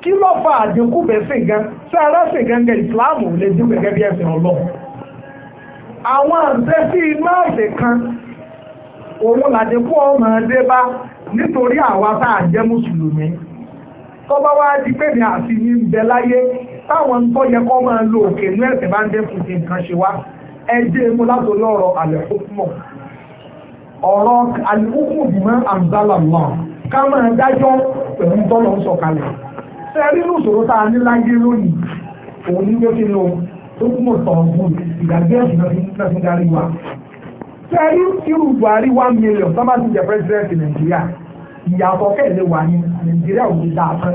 kí ló fa àdínkù bẹ́sìn gan sẹ́ẹ̀rẹ́sìn gangan ìsìláàmù lè dín gẹ́gẹ́ bí ẹ̀sìn ọlọ́run àwọn àǹtẹ́sí iná ọ̀sẹ̀ kan òun làdínkù ọmọ ẹdẹ bá nítorí àwa tá a jẹ́ mùsùlùmí tọ́ba wá di pé ní àfi ní bẹ láyé táwọn tó yẹ kọ́ máa lo òkè ní ẹ̀sẹ̀ bá ń dé fún ti nǹkan ṣe wá ẹ jẹ́ mú látò lọ́rọ̀ àlẹ́kùnkùn ọ̀rọ̀ àlẹ́kùnkùn bímọ àǹzálà ká máa dájọ́ pẹ̀lú tọ́lọ̀ ń sọ̀kalẹ̀ ṣe rí inú ìṣòro tá a ní láyé lónìí òun ní pé kí ni o tó kúmọ̀ tọ̀ ọ̀gbìn ìgbàgbé ẹ̀sìn náà fi ń darí wa sẹ́rí irú Buhari one million tó bá ti jẹ president Nàìjíríà ìyàtọ̀ kẹ́lẹ́ wà ní Nàìjíríà ò ní dáa tán.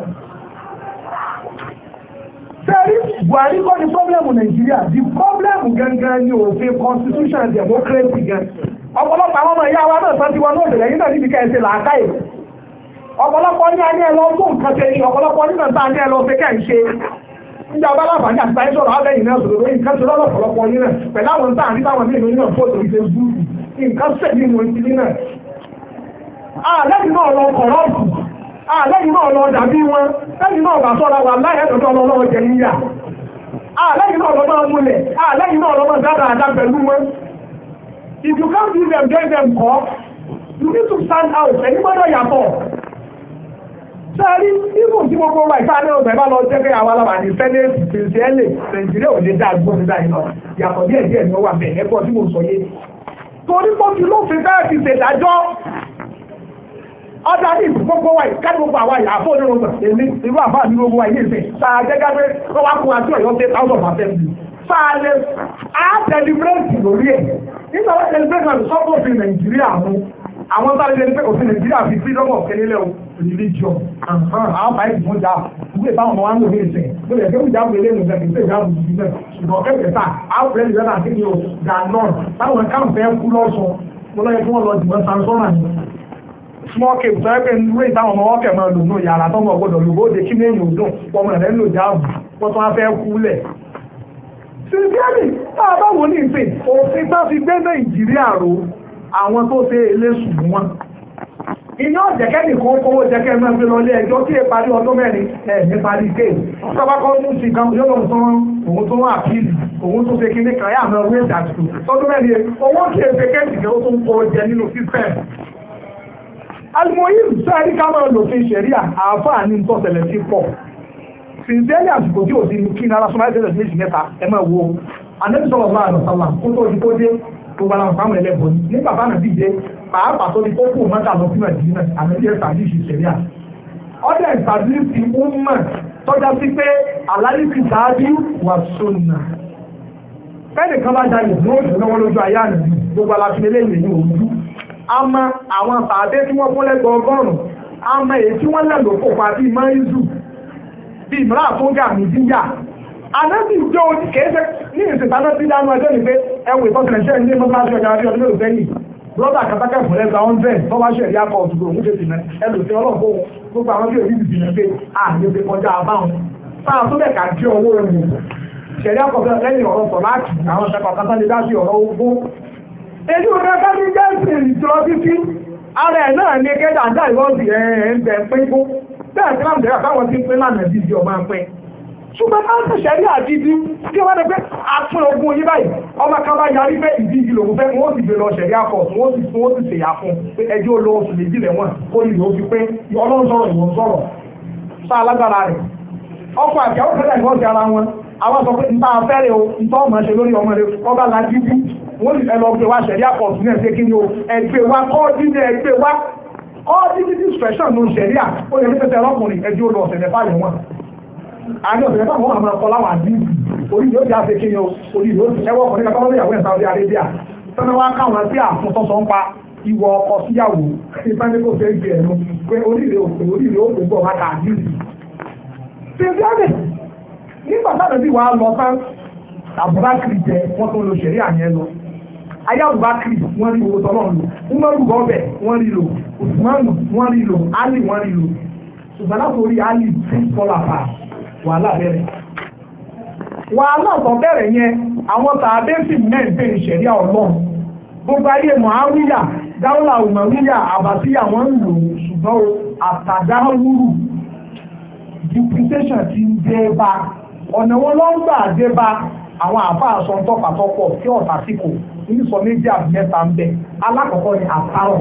sẹ́rí Buhari kọ́ ni pọ́blẹ́mù Nàìjíríà di pọ́blẹ́mù gangan ni òfin constitution democracy gan ọ̀pọ̀lọpọ̀ àwọn ọmọ ìyá wa náà sọ́ọ́ ti wọn náà tẹ̀lé yín náà níbi kẹ́hìn ṣe làákà yìí ọ̀pọ̀lọpọ̀ ní a ní ẹ lọ fún nǹkan ṣe ọ̀pọ̀lọpọ̀ nígbà tá a ní ẹ lọ fẹ́ kẹ́hìn níjà ọba aláfàájì àti táyé náà sọ̀rọ̀ lórí nǹkan sọ̀rọ̀ lọ́pọ̀lọpọ̀ yín náà pẹ̀lú àwọn tá à ń rí táwọn mílíọ̀nù yín náà mo ti náà. náà lọ kọ̀rọ̀ọ̀tù náà lọ dàbí wọn lẹ́yìn náà bà sọ̀rọ̀ wà jẹ níyà. náà lọ múlẹ̀ náà lọ dábàá pẹ̀lú wọn. if you sáré irú tí gbogbo wa ìfáàní ọgbẹ́ bá lọ jẹ́ pé àwa làwọn àti sẹ́nẹ́tì tìrìsẹ́lẹ̀ nàìjíríà ò lè dá gbọ́n nígbà yìí lọ yàtọ̀ díẹ̀ díẹ̀ ni ó wà bẹ́ẹ̀ ẹ̀kọ́ tí mo sọ yé torí pọ́ńtì ló fi fẹ́ẹ́ fi ṣèdájọ́ ọjà ní gbogbo wa yìí káàdì gbogbo àwa yìí àfọ onírun gbà èmi irú àbá mi gbogbo wa yìí ìfẹ́ sáà gẹ́gẹ́ pé wọ́n wá fún wa tí ọ̀yọ́ tẹ thousand of assembly sáà lẹ á tẹlifírẹ́ǹtì lórí ẹ̀ nígbà wọ́n tẹlifírẹ́ǹtì náà sọ́kò òfin nàìjíríà mú àwọn sáré lẹ́nu pé òfin nàìjíríà fi freedom of kẹ́lẹ́lẹ́ o religion and how how fight oh, mo ja gbé báwọn wọn lò ní ìsìn gbé yẹ kéwù jáwé lé nùgbà kí n tẹ̀wé àwọn ìsìn náà ṣùgbọ́n kẹ́kẹ́ ta how pray the weather kí ni o ga nọ́ọ̀n táwọn ẹ̀ka ń fẹ́ kú lọ́sùn mo lọ́yẹ kí wọ́n lọ jùmọ̀ sansona ni small cave tọ́ ẹgbẹ́ ìwé ìtàwọn ọmọ ọkẹ́ máa lò nù yàrá tọ́mọ ọgbọ́dọ̀ lò bóde kí ní èèyàn dùn ọmọ rẹ̀ ń lò jáàbù wọ́n tún á fẹ́ kú lẹ̀ sincerely tá a bá wò ní ìsìn òfin tá a fi gbé Nàìjíríà ro àwọn tó ṣe eléṣù wọn ìyá ọ̀jẹ̀kẹ́ nìkan kówó jẹ́kẹ́ máa fi lọ ilé ẹjọ́ tí è parí ọdún mẹ́rin ẹ̀mí parí dé sọ́bákọ́ ń sì kan yóò lọ sọ òun tó wà àpíìlì òun tó ṣe kíní kan yáà máa wé ìdàtú ọdún mẹ́rin owó tí è ṣe kẹ́sì kan ó tún kó jẹ nínú fífẹ́. alimoyin sáré ká máa lò fi ṣẹ̀rí àáfàá ní tọ́sẹ̀lẹ̀ sí pọ̀ sinzẹ́lì àsìkò tí ò sí kí nara sọmọ ẹgbẹ́ méjì mẹ́ta ẹ máa wo anẹ́bísọ̀rọ̀ bá àrọ̀ sálà kó tó di kó dé gbogbo àwọn àpamọ́ ẹlẹ́bùn ní bàbá náà dìde pàápàá tó ní kókó mọ́tà lọ sí nàìjíríà àmẹ́jẹ́ ìsàdíṣì sẹ̀ríà ọ̀dẹ̀ ìsàdíṣì umma tọ́já sí pé àlálìsì sáájú wà sọ̀nà fẹ́ẹ̀nì kan bá dalẹ̀ ní oṣù lọ́wọ́ lójú ayé àná gbogbo aláfin eléyìí ní òwúrú àmọ́ àwọn tàbí tí wọ́n fún lẹ́gbẹ̀ẹ́ ọgọ́rùn-ún àmọ́ èyí tí wọ́n lẹ́lò kó pa bíi maizu bíi mìíràn àfúngà nìjíríà anábì jọ kèéfẹ́ ní ìsìnkú anábì dáná ẹjọ́ ni pé ẹwù ìtọ́sílẹ̀ iṣẹ́ ilé mọ́tò láti ọjà àti ọdún lóògbé brọ́dà kàtàkà fún ẹgbà hundred tọ́ba ṣẹ̀rí akọ ọ̀dùgbò òun ṣe ti mẹ́ ẹlòmíì gbogbo àwọn tí òbí bìbì náà kọjá abáwọn sáà tó bẹ̀ ká dí owó láti àwọn kátà lè èyí ò dáká ní jẹ́sìn ìtura títí ara ẹ̀ náà ní ẹ̀ ń bẹ̀ ṣùgbọ́n máa ń tẹ̀sẹ̀ rí àdídí tí wọ́n ti pé àfún ogun yí báyìí ọmọ kan bá yarí pé ìdí ìlò òun fẹ́ wọ́n sì gbé lọ ṣẹ̀rí àkọ́sùn wọ́n sì fún wọ́n sì ṣèyà fún pé ẹjọ́ ó lọ oṣù méjì lẹ́wọ̀n kó lè lọ́ọ́ fi pé ọlọ́run sọ̀rọ̀ ìwọ̀n sọ̀rọ̀ sá alágbára rẹ̀ ọkọ̀ àti àwọn kẹlẹ̀ ìwọ́n ti ara wọn àwọn sọ pé nta fẹ́rẹ̀ o nta ọmọ ṣe lórí ọmọ rẹ ọba lajú kú wọ́n sì fẹ́ lọ gbé wá ṣẹ̀rí àkọ́sùn náà ṣe kí ni o ẹgbẹ́ wa kọ́ọ́dí ní ẹgbẹ́ wa all this discretion ló ń ṣẹ̀rí à ó lè ní pẹ́sẹ́ ọlọ́kùnrin ẹjọ́ lọ ọ̀sẹ̀ mẹ́fà lẹ́wọ̀n àgbẹ̀ òṣèré báwọn àwọn ọmọ ọláwà àdìsí orí yóò já ṣe kéèyàn orí yóò ti ẹwọ́ ọkọ̀ nígbà tó lọ́wọ́ ìyàwó Saudi Arabia tọ́nà wá káwọn sí àfún tọ́sọ̀ ń pa ìwọ ọkọ̀ síyàwó ṣe bá ní kó fẹ́ gbé ẹ̀nu pé oríire òpè oríire òpè bọ̀ wá ká àdìsí. ṣèṣe àgbẹ̀ nígbà táwọn bí wàá lọ sán Abubakar jẹ wọn tó ń lo ṣẹ̀rí àyẹn lọ ayé Abubakar wọn rí owó tọ́lọ́ lò Umaru bọ́ọ̀bẹ̀ wọn rí lò Usman wọn rí lò Ali wọn rí lò ṣùgbọ́n láti orí Ali tí ń kọ́ làpá wàhálà bẹ̀rẹ̀ wàhálà tó bẹ̀rẹ̀ yẹn àwọn tàbí sì mẹ́ǹtẹ̀ ìṣẹ̀rí ọlọ́run gbogbo ayé mọ̀háwíyà dáúlà òmọ̀wíyà àbàtíyà wọ́n ń lò ó ṣùgbọ́n àtàdáhùrù duplication ti ń dé bá ọ̀nà wọn ló ń gbà dé bá àwọn àbá aṣọ tọpatọpọ tí ọ̀tà sí kò ní sọ méjì àbí mẹ́ta ń bẹ alákọ̀ọ́kọ́ ni àtàrọ̀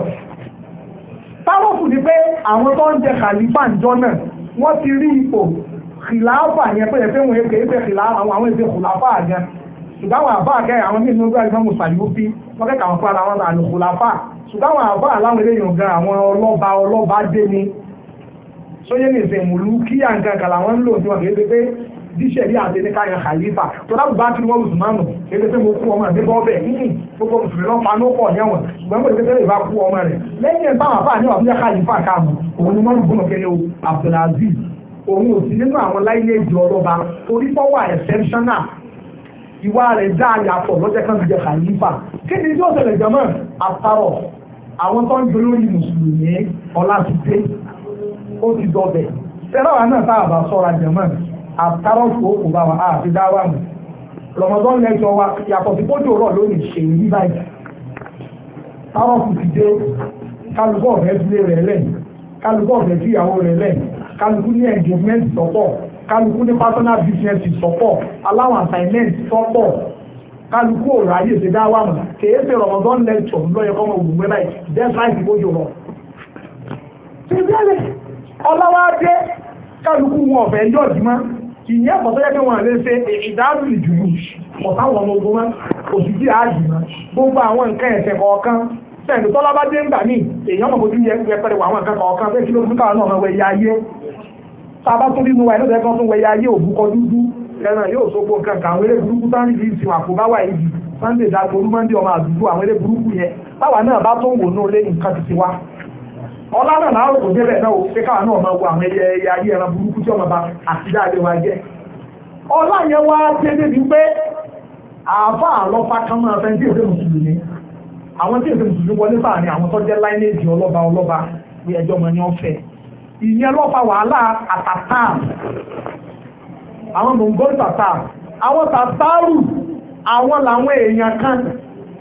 táwọn fún ni pé àwọn tó ń jẹ kàlífà ń jọ náà wọ́n ti rí ipò kìláàfà yẹn pé ẹ̀fẹ́ wọn èké ẹ̀fẹ́ kìláàfà àwọn èké kìláàfà gan ṣùgbọ́n àbá àgẹ́ àwọn míì ní ọgbà ìfẹ́ mùsàlì ó fi wọ́n kẹ́kẹ́ àwọn àlù kìláàfà ṣùgbọ́n àbá aláwọn eléyìn gan àwọn ọlọ́ba ọlọ́ba dé ni sóyè ní ìsìn mùlú kí àǹkan kàlà wọn lò ní wọn kì í ṣe pé díṣẹ́ bí àti níka yẹn khalifa tó dábò bá kiri wọn mùsùlùmánù ebi pé mo kú ọmọ rẹ bọ́ bẹ́ẹ̀ nínú gbogbo mùsùlùmí lọ́pàá ló pọ̀ yẹ̀wọ̀n ṣùgbọ́n mo lè pé tẹ́lẹ̀ bá kú ọmọ rẹ lẹ́yìn ẹ̀ bá wà fáà ní wàá fún yẹ khalifa káàmù òun ni wọ́n rúgbọ́n kẹ́lẹ́ o Abdulaziz òun ò sí nínú àwọn láyé ìjọ ọlọ́ba torí pọ́wà exceptional ìwà rẹ̀ dá àyàfọ̀ lọ́jọ́ kan ti jẹ kàlífà kí ni yóò ṣẹlẹ̀ jọmọ́ àtàrọ̀ àwọn tó ń gbé lórí mùsùlùmí ọlá ti dé ó ti dọbẹ̀ tẹ́lọ̀wá náà tá a bá sọ́ra jọmọ́ àtàrọ̀ tó kò bá wa àti dáwà mù rọmọdún lẹ́jọ́ wa yàtọ̀ sí kójú ọ̀rọ̀ lónìí ṣe ní báyìí tàrọ̀ kù ti dé kálukọ́ ọ̀fẹ́ sílé rẹ̀ lẹ́yìn kálukọ́ ọ̀fẹ́ síyàwó rẹ̀ lẹ́yìn kálukú ní engagement sọ́pọ̀ kálukú ní personal business sọ́pọ̀ aláwọn assignment sọ́pọ̀ kálukú ò ráyè ṣe dáwà mọ̀ kèé ṣe rọ̀mọ̀dán lọ lọ́yẹ̀ kọ́mọ ògùnwé báyìí kálukú wọn ọ̀fẹ́ wọ́n lè ṣe ìdáàbò wọn gbogbo àwọn nǹkan ẹ̀sẹ̀ kọ̀ọ̀kan tọ́lá bá dé ń gbà mí èèyàn mọ̀ bójú yẹ àwọn nǹkan kọ̀ọ̀kan bẹ́ẹ̀ kí ló káwọn sábà tó nínú wa ẹlẹ́dẹ̀ẹ́ kan tó wẹ̀yà ayé òbúkọ dúdú ẹran yóò sọ́gbọ́n kan kà àwọn eré burúkú sáńdì bíi ìsìn àkóbáwá ìdì Sunday dàgbò olúmọ́ndé ọmọ àdúgbò àwọn eré burúkú yẹn báwa náà bá tó ń wò náà lé nǹkan ti ti wá ọlá náà láàrọ̀ kò débẹ̀ náà pé káwa náà máa wo àwọn ẹyẹ ẹyẹ ayé ẹran burúkú tí ọmọ bá àti dáadé wa jẹ ọlá yẹn wá dé débi pé àáfà àlọ́fà ni àwọn tó jẹ́ ni wọ́n ìyẹn ló fa wàhálà àtàtàm àwọn mongol tàtàm àwọn tàtàrù àwọn làwọn èèyàn kan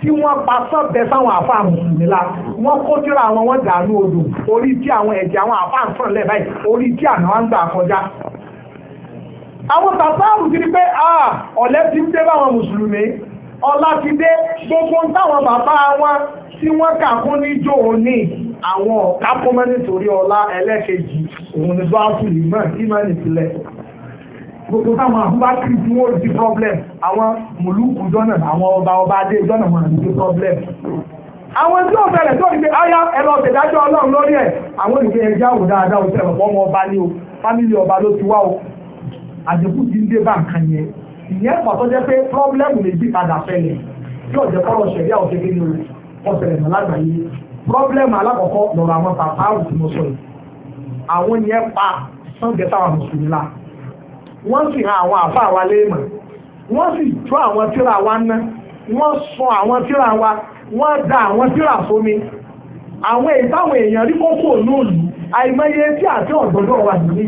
tí wọ́n pa sọ́ọ̀bẹ sáwọn àfáà mùsùlùmí la wọ́n kó tíra àwọn wọn dànù odò orí tí àwọn ẹ̀jẹ̀ àwọn àfáà ń sàn lẹ̀ báyìí orí tí àná wọn gbà kọjá. àwọn tàtàrù ti di pé ọ̀lẹ́ ti ń dé báwọn mùsùlùmí ọlá ti dé gbogbo táwọn bàbá wọn tí wọ́n kà fún níjó òní àwọn ọ̀ká kọ́mọ́ nítorí ọlá ẹlẹ́kejì òun ni báàfù ìmọ̀ ìmọ̀ nìpìlẹ̀ gbogbo táwọn àbúrò kiri tí wọ́n di problem àwọn mùlùkù jọ́nà àwọn ọba ọba adé jọ́nà wọn àti problem àwọn tí ó bẹ̀rẹ̀ tó ní pé ẹ̀rọ ọ̀tẹ̀dájọ́ ọlọ́run lórí ẹ̀ àwọn ìgbé ẹja wò dáadáa ó tẹ̀rọ̀ fọ́mọ ọba ní o fámìlì ọba ló ti wá o àdínkù ti ń dé bá nǹkan yẹn ìyẹn pàtó jẹ́ pé problem méjì padà fẹ́lẹ̀ tí ọ̀jẹ̀ kọ́rọ̀ ṣẹ̀rí àwọn kékeré rẹ̀ ọ̀sẹ̀rẹ̀ náà lágbàáyé pírọ́blẹ́mù alákọ̀ọ́kọ́ lọ́rọ̀ àwọn bàbá àwùjọ mọ̀ sọ̀rọ̀ àwọn yẹn pa sànjẹ́ táwọn mùsùlùmí la wọ́n sì han àwọn àfa àwa léèmọ̀ wọ́n sì tú àwọn tíra wa ná wọ́n sọ àwọn tíra wa wọ́n da àwọn tíra sómi àwọn èyí táwọn èèyàn rí kókó lóòlù àìmọye tí àti ọ̀dọ́dọ́ wa nìyí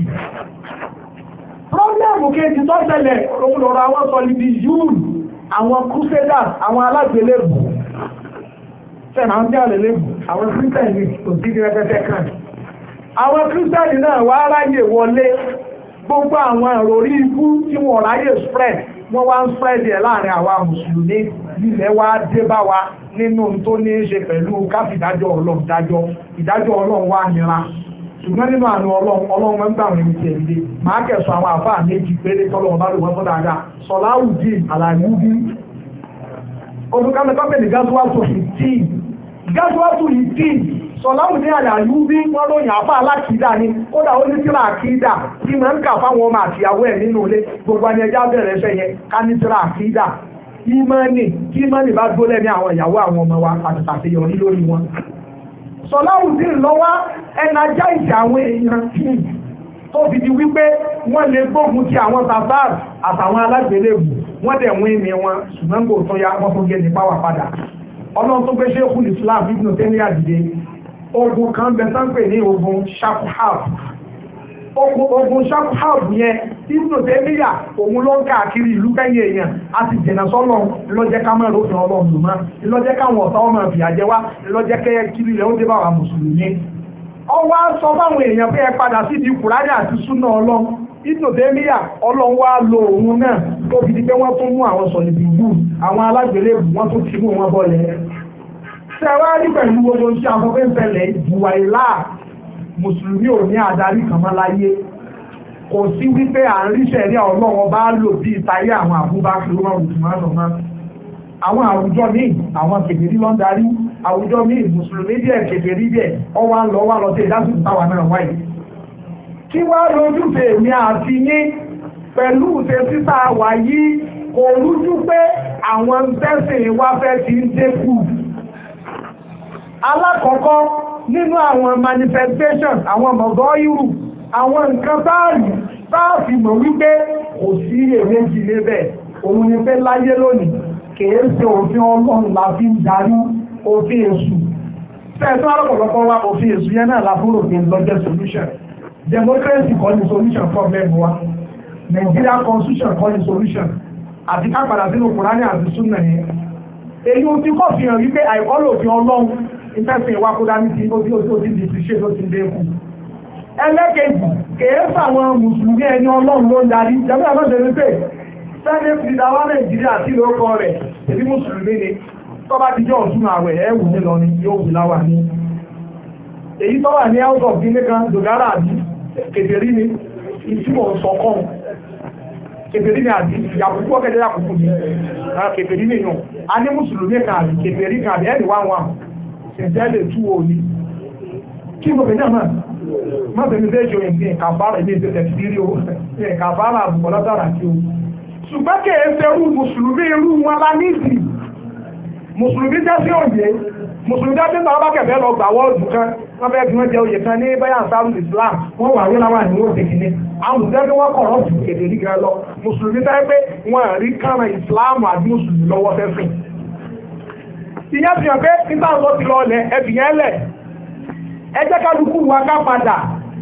pọ́blẹ́mù kejì tó ṣẹlẹ̀ òun lọ́rọ̀ àwọn sọlidi yúùlù àwọn crusaders àwọn alágbélébùú sẹ́nà ń jáde lébù àwọn kírísítẹ́nì kò sí ní rẹpẹtẹ kan àwọn kírísítẹ́nì náà wá ráyè wọlé gbogbo àwọn àròrí ikú tí wọn ráyè spread wọ́n wá ń spread ẹ̀ láàrin àwa mùsùlùmí nílẹ̀ wá dé bá wa nínú tó ní í ṣe pẹ̀lú káfíńdájọ́ ọlọ́run dájọ́ ìdájọ́ ọlọ́run wá nira ṣùgbọ́n nínú àná ọlọ́run ọlọ́run máa ń gbà wọn ti ẹ̀dẹ́ máa kẹ̀sọ́ àwọn àfáà méjì péré tọ́lọ́run bá lò wọ́n fún dáadáa sọ̀láwùdí àlàyé bí olùkọ́ mi kọ́ pé nìkan tó wá sọ fìtì gájúwájú ìdín sọ̀lámù ní àlàyé bí wọ́n ròyìn àbá alákìídà ni kódà ó ní tíra àkìídà tí máa ń kà fáwọn ọmọ àtìyàwó ẹ̀ nínú ilé gbogbo ẹni ẹja bẹ̀rẹ̀ ẹsẹ̀ yẹn ká ní tíra àkìídà ìmọ̀ọ́nì kí ìmọ̀ọ́nì bá gbó lẹ́ni àwọn ìyàwó àwọn ọmọ wa àtàtàtì yọrí lórí wọn. sọ̀lámù dín lọ́wọ́ ẹnajá ìjà àwọn èèyàn tó fi di wípé wọ́n lè gbógun ti àwọn bàbá àtàwọn alágbèlébù wọ́n dẹ̀ wọ́n ìmì wọn ṣùgbọ́n kò tó ya wọ́n tó gé ní páwà padà ọlọ́run tó gbé Sheikhul Islam Ibn Taymiyyah dìde ogun kan bẹ sáńpè ní ogun shakuhab ogun shakuhab yẹn Ibn Taymiyyah òun ló ń káàkiri ìlú kẹ́yìn èèyàn a ti jìnnà sọ́lọ́ lọ́jẹ́ ká máa lófin ọlọ́run lò mọ́ lọ́jẹ́ káwọn ọ̀tá ọmọ ìfìyà jẹ wá lọ́jẹ́ kẹ́yẹ kiri ilẹ̀ ó dé bá wa mùsùlùmí ọwọ́ sọ fáwọn èèyàn pé ẹ padà sídìí Kùránì àti súnà ọlọ́run ìtòdémíyà ọlọ́wọ́ lo òun náà tó fi di pé wọ́n tún mú àwọn sọ̀lìbìgbù àwọn alágbèlébù wọ́n tún ti mú wọn bọ́lẹ̀ sẹ́wárí pẹ̀lú gbogbo tí a fọ́fẹ́ bẹ̀lẹ̀ ìbùwà ìlà mùsùlùmí ò ní adarí kan mọ́ láyé kò sí wípé à ń ríṣẹ́ rí ọlọ́wọ́ bá lò bí ìtayé àwọn àbúbá kiri wọn rùtùmánù mọ́ àwọn àwùjọ míì àwọn kèfèrí ló ń darí àwùjọ míì mùsùlùmí díẹ̀ kèfèrí díẹ̀ ọwọ́ ń lọ wá lọ kí wá lójúṣe èmi àti yín pẹ̀lú ṣe sísá wà yìí kò rújú pé àwọn tẹ́sìn wá fẹ́ ti ń dínkù. alákọ̀ọ́kọ́ nínú àwọn manifestation àwọn mọ̀gọ́ irú àwọn nǹkan báàlì báàfì mọ̀ wípé kò sí iyèméjì lébẹ̀ òun ni pé láyé lónìí kìí ṣe òfin ọlọ́run la fi ń darí òfin èṣù. fẹ́ẹ̀ tó alákọ̀ọ́kọ́ wá òfin èṣù yẹn náà la fúrò pé lọ́jọ́ solution democracy kọ́ ni solution problem wa Nigeria constitution kọ́ ni solution àti ká padà sínú Kùránì àti súnà yẹn èyí ohun tí kò fi hàn wípé àìkọ́lò òfin Ọlọ́run ìfẹsẹ̀ ìwà kó dání sí ó ti ó ti ó ti di ti ṣe ló ti dé kù ẹlẹ́kẹ̀jì kèé fáwọn mùsùlùmí ẹni Ọlọ́run ló ń darí jẹ́bí àwọn ọ̀sẹ̀ wípé sẹ́ni fìdá wa Nàìjíríà sí lóko rẹ̀ èmi mùsùlùmí ni tọ́ba ti jẹ́ ọ̀tún àwẹ̀ ẹ̀ wù mí lọ ni yóò wù láwà ní èyí tọ́wà ní house of guinea kan dogara àbí kèfèrí ni ìtumọ̀ sọ̀kan kèfèrí ni àbí ìyàkùkù ọ̀kẹ́dẹ́ yàkùkù ni kèfèrí ni yàn a ní mùsùlùmí kan àbí kèfèrí kan àbí ẹ̀rì wáwá ṣẹ̀ṣẹ̀lẹ̀ tú wo ni kí n bọ̀bẹ̀ náà mà má bẹ̀rẹ̀ bẹ́ẹ̀ jọ ìgbìn kàfàrà ilé ìṣẹ̀lẹ̀ kìírí o kàfàrà àbùkọ̀ látara kí o ṣùgbọ́n kèé fẹ́ rú mùsùlùmí irú wọn lá nídìí mùsùlùmí jẹ́ sí òye mùsùlùmí jẹ́ sínú ọba kẹfẹ́ lọ gbà wọ́ọ̀dù kan wọ́n fẹ́ fi kan ní bẹ́yà sáàrù Islam wọ́n wà wí láwọn àníwò àwọn wọn Islam àti mùsùlùmí fi hàn pé nígbà tó ti lọ lẹ ẹbí yẹn lẹ ẹ kálukú wa ká padà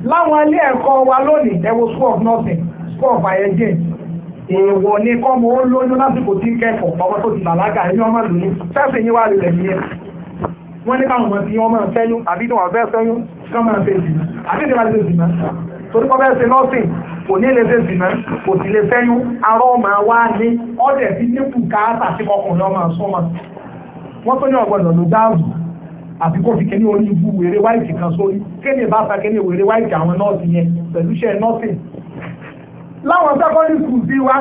láwọn ilé wa lónìí ẹ èèwọ̀ ni kọ́mọ ó lóyún lásìkò tí ń kẹ́kọ̀ọ́ tó ti bàlágà ẹni ọmọ lóyún fẹ́ẹ̀sì yín wà lulẹ̀ nìyẹn wọ́n ní káwọn ọmọ tí wọ́n máa àbí tí wọ́n fẹ́ fẹ́yún kí wọ́n máa àbí tí wọ́n máa torí kọ́ bẹ́ẹ̀ lọ́sìn kò ní lè fèsì mọ́ kò sì lè fẹ́yún arọ́ ọmọ wa ní ọ̀dẹ̀ tí nípù káàtà sí ọkùnrin ọmọ láwọn secondary school sí wa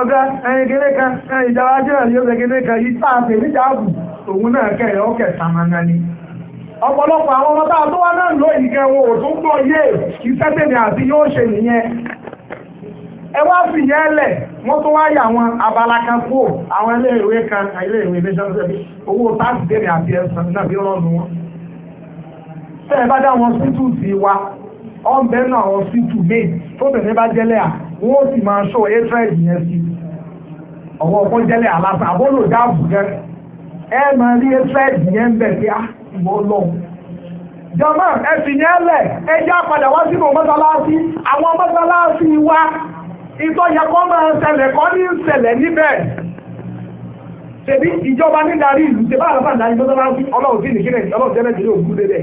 ọ̀gá ẹ̀yìn kéde kan ẹ̀yìn ìjọba ọ̀sẹ̀ kan yìí tá a níjà òun náà kẹ̀rẹ̀ ọ̀kẹ̀ sàmánà ni. ọ̀pọ̀lọpọ̀ àwọn ọmọ tó wá náà lọ ìkẹ́ wọn ò tún gbọ́ àti yóò ṣe nìyẹn. ẹ wá lẹ̀ wọ́n tún wá yà abala kan àwọn iléèwé kan iléèwé náà bí wọ́n sì máa ṣó hatred yẹn sí ọwọ́ ọkọ̀ jẹ́lẹ̀ alásán àbọ̀lò dáàbò gẹ́ ẹ máa rí hatred yẹn bẹ̀ sí ah, ìwọ ọlọ́run jọmọ ẹsìn yẹn lẹ ẹjẹ àpàdà wá sínú mọ́sálásí àwọn mọ́sálásí wa ìtọ́ yẹ kó máa ṣẹlẹ̀ kọ́ ní ṣẹlẹ̀ níbẹ̀ ṣèbí ìjọba nídarí ìlú ṣe bá àlọ́fà ìdarí mọ́sálásí ọlọ́run sí nìkílẹ̀ ọlọ́run tẹ́lẹ̀ tẹ́lẹ̀ òkú débẹ̀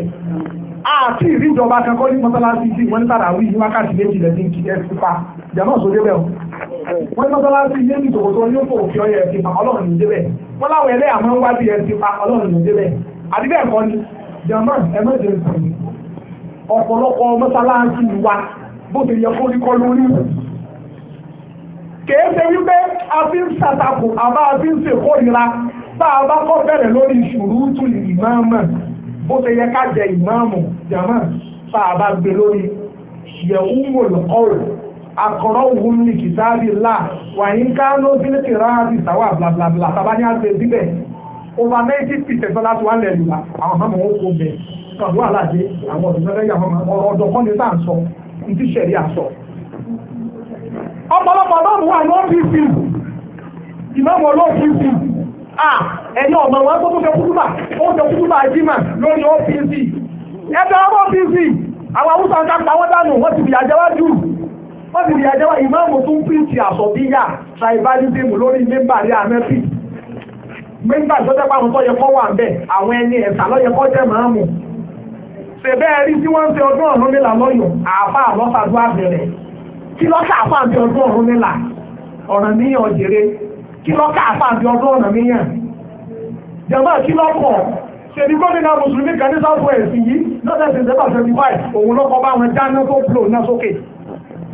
àti ìríjọba kankan ní mọ́sálásí sí wọn ní tàràwí wákàtí méjì lẹ́sìn kí ẹ sípa jàmọ́ sójú bẹ́ẹ̀ o wọ́n ní mọ́sálásí ilé ní ìṣòwò tó ní ó fòwò fi ọyẹ ẹ̀sìn pa ọlọ́run ní débẹ̀ wọ́n láwọn ẹlẹ́yà máa ń wá sí ẹ̀sìn pa ọlọ́run ní débẹ̀ àdìbẹ́ ẹ̀kọ́ ni jàmọ́ ẹ̀mẹ́jẹ̀ ń sìn ọ̀pọ̀lọpọ̀ mọ́sálásí wa bó ti yẹ kó rí kọ́ lórí kèé ṣe wípé a fi ń ṣàtàkù àbá a fi ń ṣèkórira bá a bá kọ́ bẹ̀rẹ̀ lórí ṣùrùtù ìmáàmù bó ṣe yẹ ká jẹ ìmáàmù jàmọ́ bá a bá gbé lórí yẹ̀wù mọ̀lọ́kọ́rọ̀ àkọ̀rọ̀ òun ní kìtàbí là wàyí ká ló sí ní tìrá àti ìtàwà blablabla tàbá ní àti ìdíbẹ̀ over ninety percent ọlá tí wọ́n lẹ̀ lù àwọn ọmọ wọn kò bẹ̀ kàdú àlàjé àwọn ọ̀dọ́ fẹ́fẹ́ yà wọn ọ̀rọ̀ ọ̀dọ́ kan ní sáà ń sọ ní ti ṣẹ̀rí àsọ. ọ̀pọ̀lọpọ̀ ọlọ́run wà ní ọ́fíìsì ìmọ̀mọ̀ olóòfíìsì ẹni ọ̀mọ̀ wọn tó fẹ́ kúrúbà ó fẹ́ kúrúbà jimá lórí ọ́fíìsì ẹgbẹ́ ọ́fíìsì àwọn awúsàn ká pa wọ́n dànù wọ́n ti bìyà jẹ́wájú wọ́n ti di àjẹwà ìmáàmù tún píìtì àsọ̀bíyà tribalism lórí mẹ́mbàrí amẹ́fì mẹ́mbà tó jẹ́ pàwọn tó yẹ kọ́ wà bẹ́ẹ̀ àwọn ẹni ẹ̀sà lọ́yẹ kọ́ jẹ́ màámù ṣẹ̀bẹ́ rí tí wọ́n ń ṣe ọdún ọ̀run nílà lọ́yọ̀ àáfà lọ́sàdún àbẹ̀rẹ̀ kí lọ́kà àfà àbí ọdún ọ̀run nílà ọ̀ràn níyàn jèrè kí lọ́kà àfà àbí ọdún ọ̀ràn níyàn jàmbá kí lọ́kọ̀ ṣèdí gómìnà mùsùlùmí kan ní south west yìí lọ́sẹ̀ sèǹtẹ́bà seventy five òun lọ́kọ̀ bá wọn dáná tó blow náà sókè.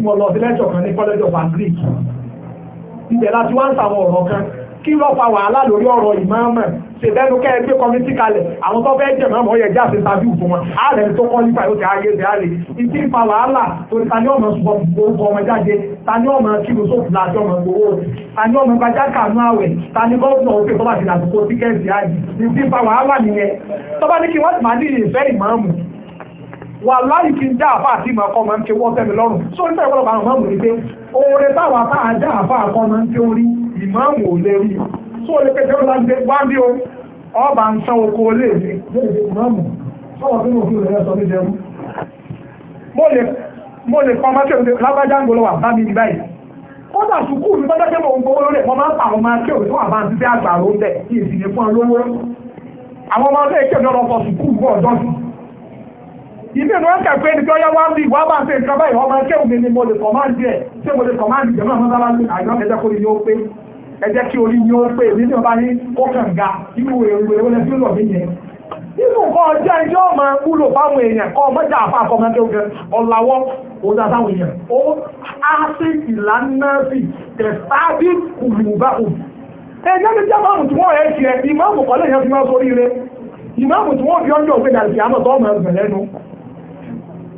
tí mo lọ sí lẹ́jọ̀ kan ní college of agric ibẹ̀ láti wá ń sàwọn ọ̀rọ̀ kan kí ló fa wàhálà lórí ọ̀rọ̀ ìmáàmà ṣèbẹ́nu kẹ́ ẹ gbé kọ́mítì kalẹ̀ àwọn tó fẹ́ẹ́ jẹ̀mọ́ àmọ́ yẹn jáde tàbí ìfún wọn ààrẹ tó kọ́ nípa yóò ti ayé ti àlè ìdí ìfa wàhálà torí ta ni ọmọ sọ gbogbo ọmọ jáde ta ni ọmọ kìlò sóòfù láti ọmọ gbowó ta ni ọmọ gbajà kànú àwẹ̀ ta ni gọ́ọ̀nà òkè tó bá ti dàgbò tíkẹ́ẹ̀tì àjì ìdí ìfa wàhálà nìyẹn tó wà láì kí n dá àfà àti ìmọ̀ ọkọ̀ máa ń ké wọ́n tẹ́mi lọ́rùn so nígbà ìwọ́lọ́pàá àwọn mọ́mù ní pé oore táwọn afá àdá àfà àkọ́ máa ń ké orí ìmáàmù ò lè rí so olè pé tẹ́wọ́n láti wá bí o ọba ń san oko olè mi mo lè kọ́ máa kéwòn lágbájá ń gbọ́lọ́wà bá mi báyìí kódà sùkúù mi bọ́jọ́ pé mo ń gbowó lórí ẹ̀ mo máa ń pa àwọn máa kéwòn tó wà bá ń ṣiṣẹ́ àgbà ló ń bẹ̀ kí èsì yẹn fún ọ lówó àwọn ọmọ ọdún ẹ̀kẹ́ mi ọ̀rọ̀ ọkọ̀ sùkúù gbọ́ ilé ìlú ọ̀kà pé ní kí ọyá wá bí wá bá ṣe nǹkan báyìí ọmọ ẹkẹ́ òmìnir mo lè kọ̀máǹdì ẹ̀ ṣé mo lè kọ̀máǹdì jẹ̀mọ́ mọ́sálásí àjọ ẹ̀jẹ̀ kó ni ó pé ẹ̀jẹ̀ kí orí ni ó pé èmi ní ọba yín ó kàn ga inú èrò èrò lẹ́sìn lọ mí yẹn. nínú nǹkan ọjọ́ ẹjọ́ ọmọ wúlò fáwọn èèyàn kọ́ ọmọdé àfa àfọmọdé ogun ọ̀làwọ́ òdà táwọn èèyàn ó á sí ìlànà sí tẹ̀sáàbí kùlùbáwò. ẹ̀jẹ̀ ní jábàmù tí wọ́n rẹ̀ ṣe ìmáàmù kọ́lé yẹn fi máa sórí rẹ̀ ìmáàmù tí wọ́n fi ọjọ́ òfin dàbí àmọ̀ tó ọmọ ẹgbẹ̀rẹ́ nu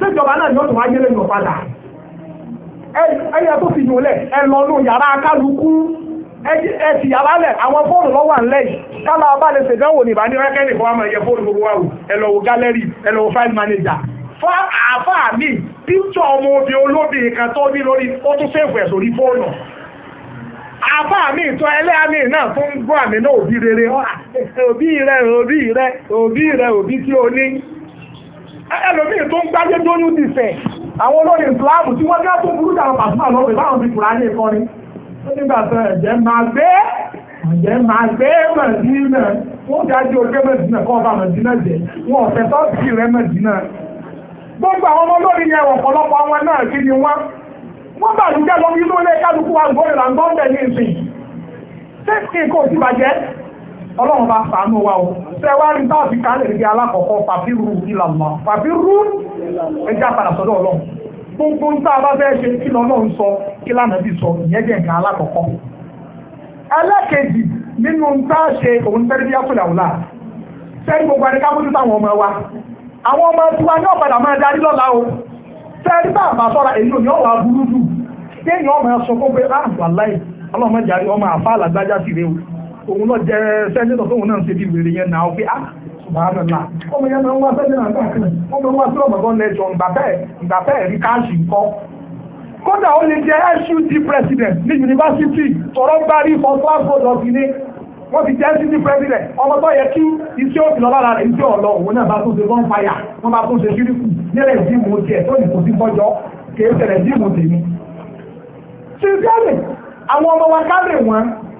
ṣèjọba náà yóò tún wá yẹlẹ ẹyẹ tó fi yòlẹ ẹ lọ nù yàrá kálukú ẹ ti yàrá àwọn fóònù lọ́wọ́ à ń lẹ́yìn kálá gbogbo wa wò ẹ lọ gálẹ́rì ẹ lọ fáìlì mánéjà fún àáfà mi ọmọ obì olóbì kan tó ní lórí ó tún ẹ̀ sórí fóònù àáfà mi rẹ òbí rẹ òbí rẹ òbí tí ẹlòmíì tó ń gbáyé dóyún ti fẹ̀ àwọn olórin ìsìláàmù tí wọ́n dá tó burú dàrú pàṣípà lọ́pẹ̀ báwọn fi kùrá ní ìkọ́ni nígbà tó ẹ̀jẹ̀ máa gbé ẹ̀jẹ̀ máa gbé mẹ̀dínà wọ́n dájú oké mẹ̀dínà kọ́ ọba mẹ̀dínà jẹ́ wọn ọ̀fẹ́ tó sì rẹ mẹ̀dínà. gbogbo àwọn ọmọ olórin yẹn ọ̀pọ̀lọpọ̀ àwọn náà kí ni wọ́n wọ́n bàlùjẹ́ lọ inú ilé kálukú wa gbọ́dọ̀ là ń gbọ́ ọlọ́run bá sàánú wa o ṣe wá rí táàbí kálẹ̀ níbi alákọ̀ọ́kọ́ fàbírú ìlànà fàbírú ẹjẹ́ àpàdà sọ́dọ̀ ọlọ́run gbogbo ń tá a bá fẹ́ ṣe kí lọ́lọ́run sọ kí lánàbí sọ ìyẹn jẹ́ nǹkan alákọ̀ọ́kọ́ ẹlẹ́kejì nínú ń tá a ṣe òun tẹ́lẹ̀ bí yàtọ̀ làwùlà sẹ́yìn gbogbo àdéká mójú táwọn ọmọ wa àwọn ọmọ tiwa ní ọ̀padà máa darí lọ́la o sẹ́yìn bá àbá sọ́ra èyí ò ní ọ̀wà burúkú kéèyàn ah, ọmọ ẹ sọ gbogbo ẹ láàbù aláì ọlọ́mọdé àrí ọmọ àfa òun náà jẹ́ sẹ́ńtítọ̀ tóun náà ṣe bí wèrè yẹn náà pé ah subhanallah ọmọ yẹn máa ń wá sẹ́ńtítọ̀ náà káàkiri wọ́n máa ń wá sí ọ̀gbọ̀gbọ́n lẹ́jọ́ ǹgbàfẹ́ rí káàṣì ńkọ́ kódà ó lè jẹ́ SUT president ní yunifásitì tọrọ bá rí for class road ọ̀sìn ní wọ́n ti jẹ́ SUT president ọmọ tó yẹ kí iṣẹ́ òfin ọlára rẹ̀ iṣẹ́ ọ̀lọ́ òun náà bá tún ṣe wọ́n fàyà wọ́n bá tún ṣe sí àwọn ọmọ wa ká lè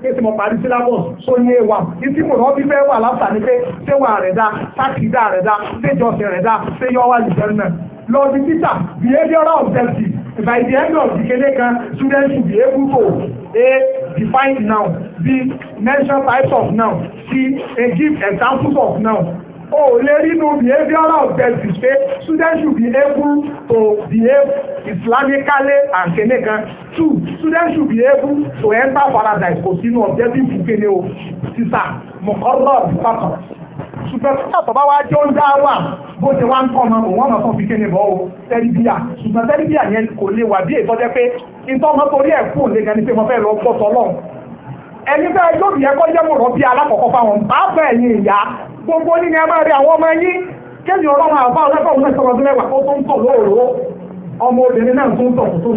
pé tí mo parí syllabus tó ní ewa ní mo rọ́ bí fẹ́ wà láǹfà ni pé ṣé wà rẹ̀ dá sákìdá rẹ̀ dá ṣé jọ́sìn rẹ̀ dá ṣé yọ wà lìjẹ́ lọ sí títà behavioral objective by the end of the kele kan students should be able to a define noun b mention types of noun c a give examples of noun o lè nínú behavioral benefit pé students should be able to behave islamically and kene kan two students should be able to enter paradise kò sínú objective kene o sísà mọ̀kọ́rọ̀ pàtó ṣùgbọ́n tó bá wá jọ ń dá wà bó ṣe wá ń kọ́ ọmọ òun ọmọ kan fi kéde bọ́ o tẹ́lifíà ṣùgbọ́n tẹ́lifíà yẹn kò lè wà bí èso jẹ́ pé ìtọ́mọ torí ẹ̀ kù lè gan ni pé mo fẹ́ lọ gbọ́ sọ́lọ́ọ̀ ẹni bẹ́ẹ̀ yóò yẹ kọ́ jẹ́ mọ̀rọ̀ bí alákọ̀ọ́kọ́ fáwọn bá bẹ́ẹ̀ yẹn ìyá gbogbo onye na a máa rí àwọn ọmọ yín kéèyàn àbá ọdún ó tó ń tọ̀ lóòrò ọmọ obìnrin náà tó ń tọ̀ tó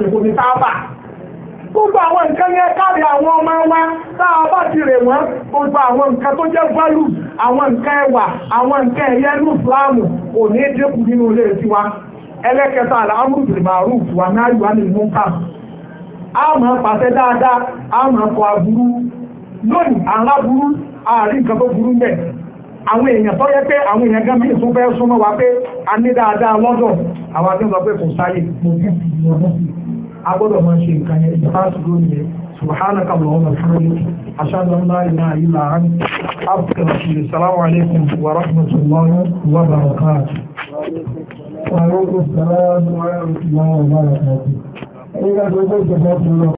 gbogbo àwọn nǹkan yẹn àwọn ọmọ wa tá a bá ti rè wọ́n gbogbo àwọn nǹkan tó jẹ́ válù àwọn nǹkan ẹwà àwọn nǹkan ẹ̀yẹ ní ìsìláàmù kò ní dínkù nínú ilé tiwa ẹlẹ́kẹta àlámùrù bìrì àwọn èèyàn tó yẹ pé àwọn èèyàn gan míì tún fẹ́ súnmọ́ wa pé a ní dáadáa lọ́dọ̀ àwọn akẹ́kọ̀ọ́ pé kò sáyè mo bí ìyọ̀ náà a gbọ́dọ̀ máa ṣe nǹkan yẹn ìfásitì lónìí yẹn سبحانك اللهم وبحمدك أشهد أن لا إله إلا أنت أستغفرك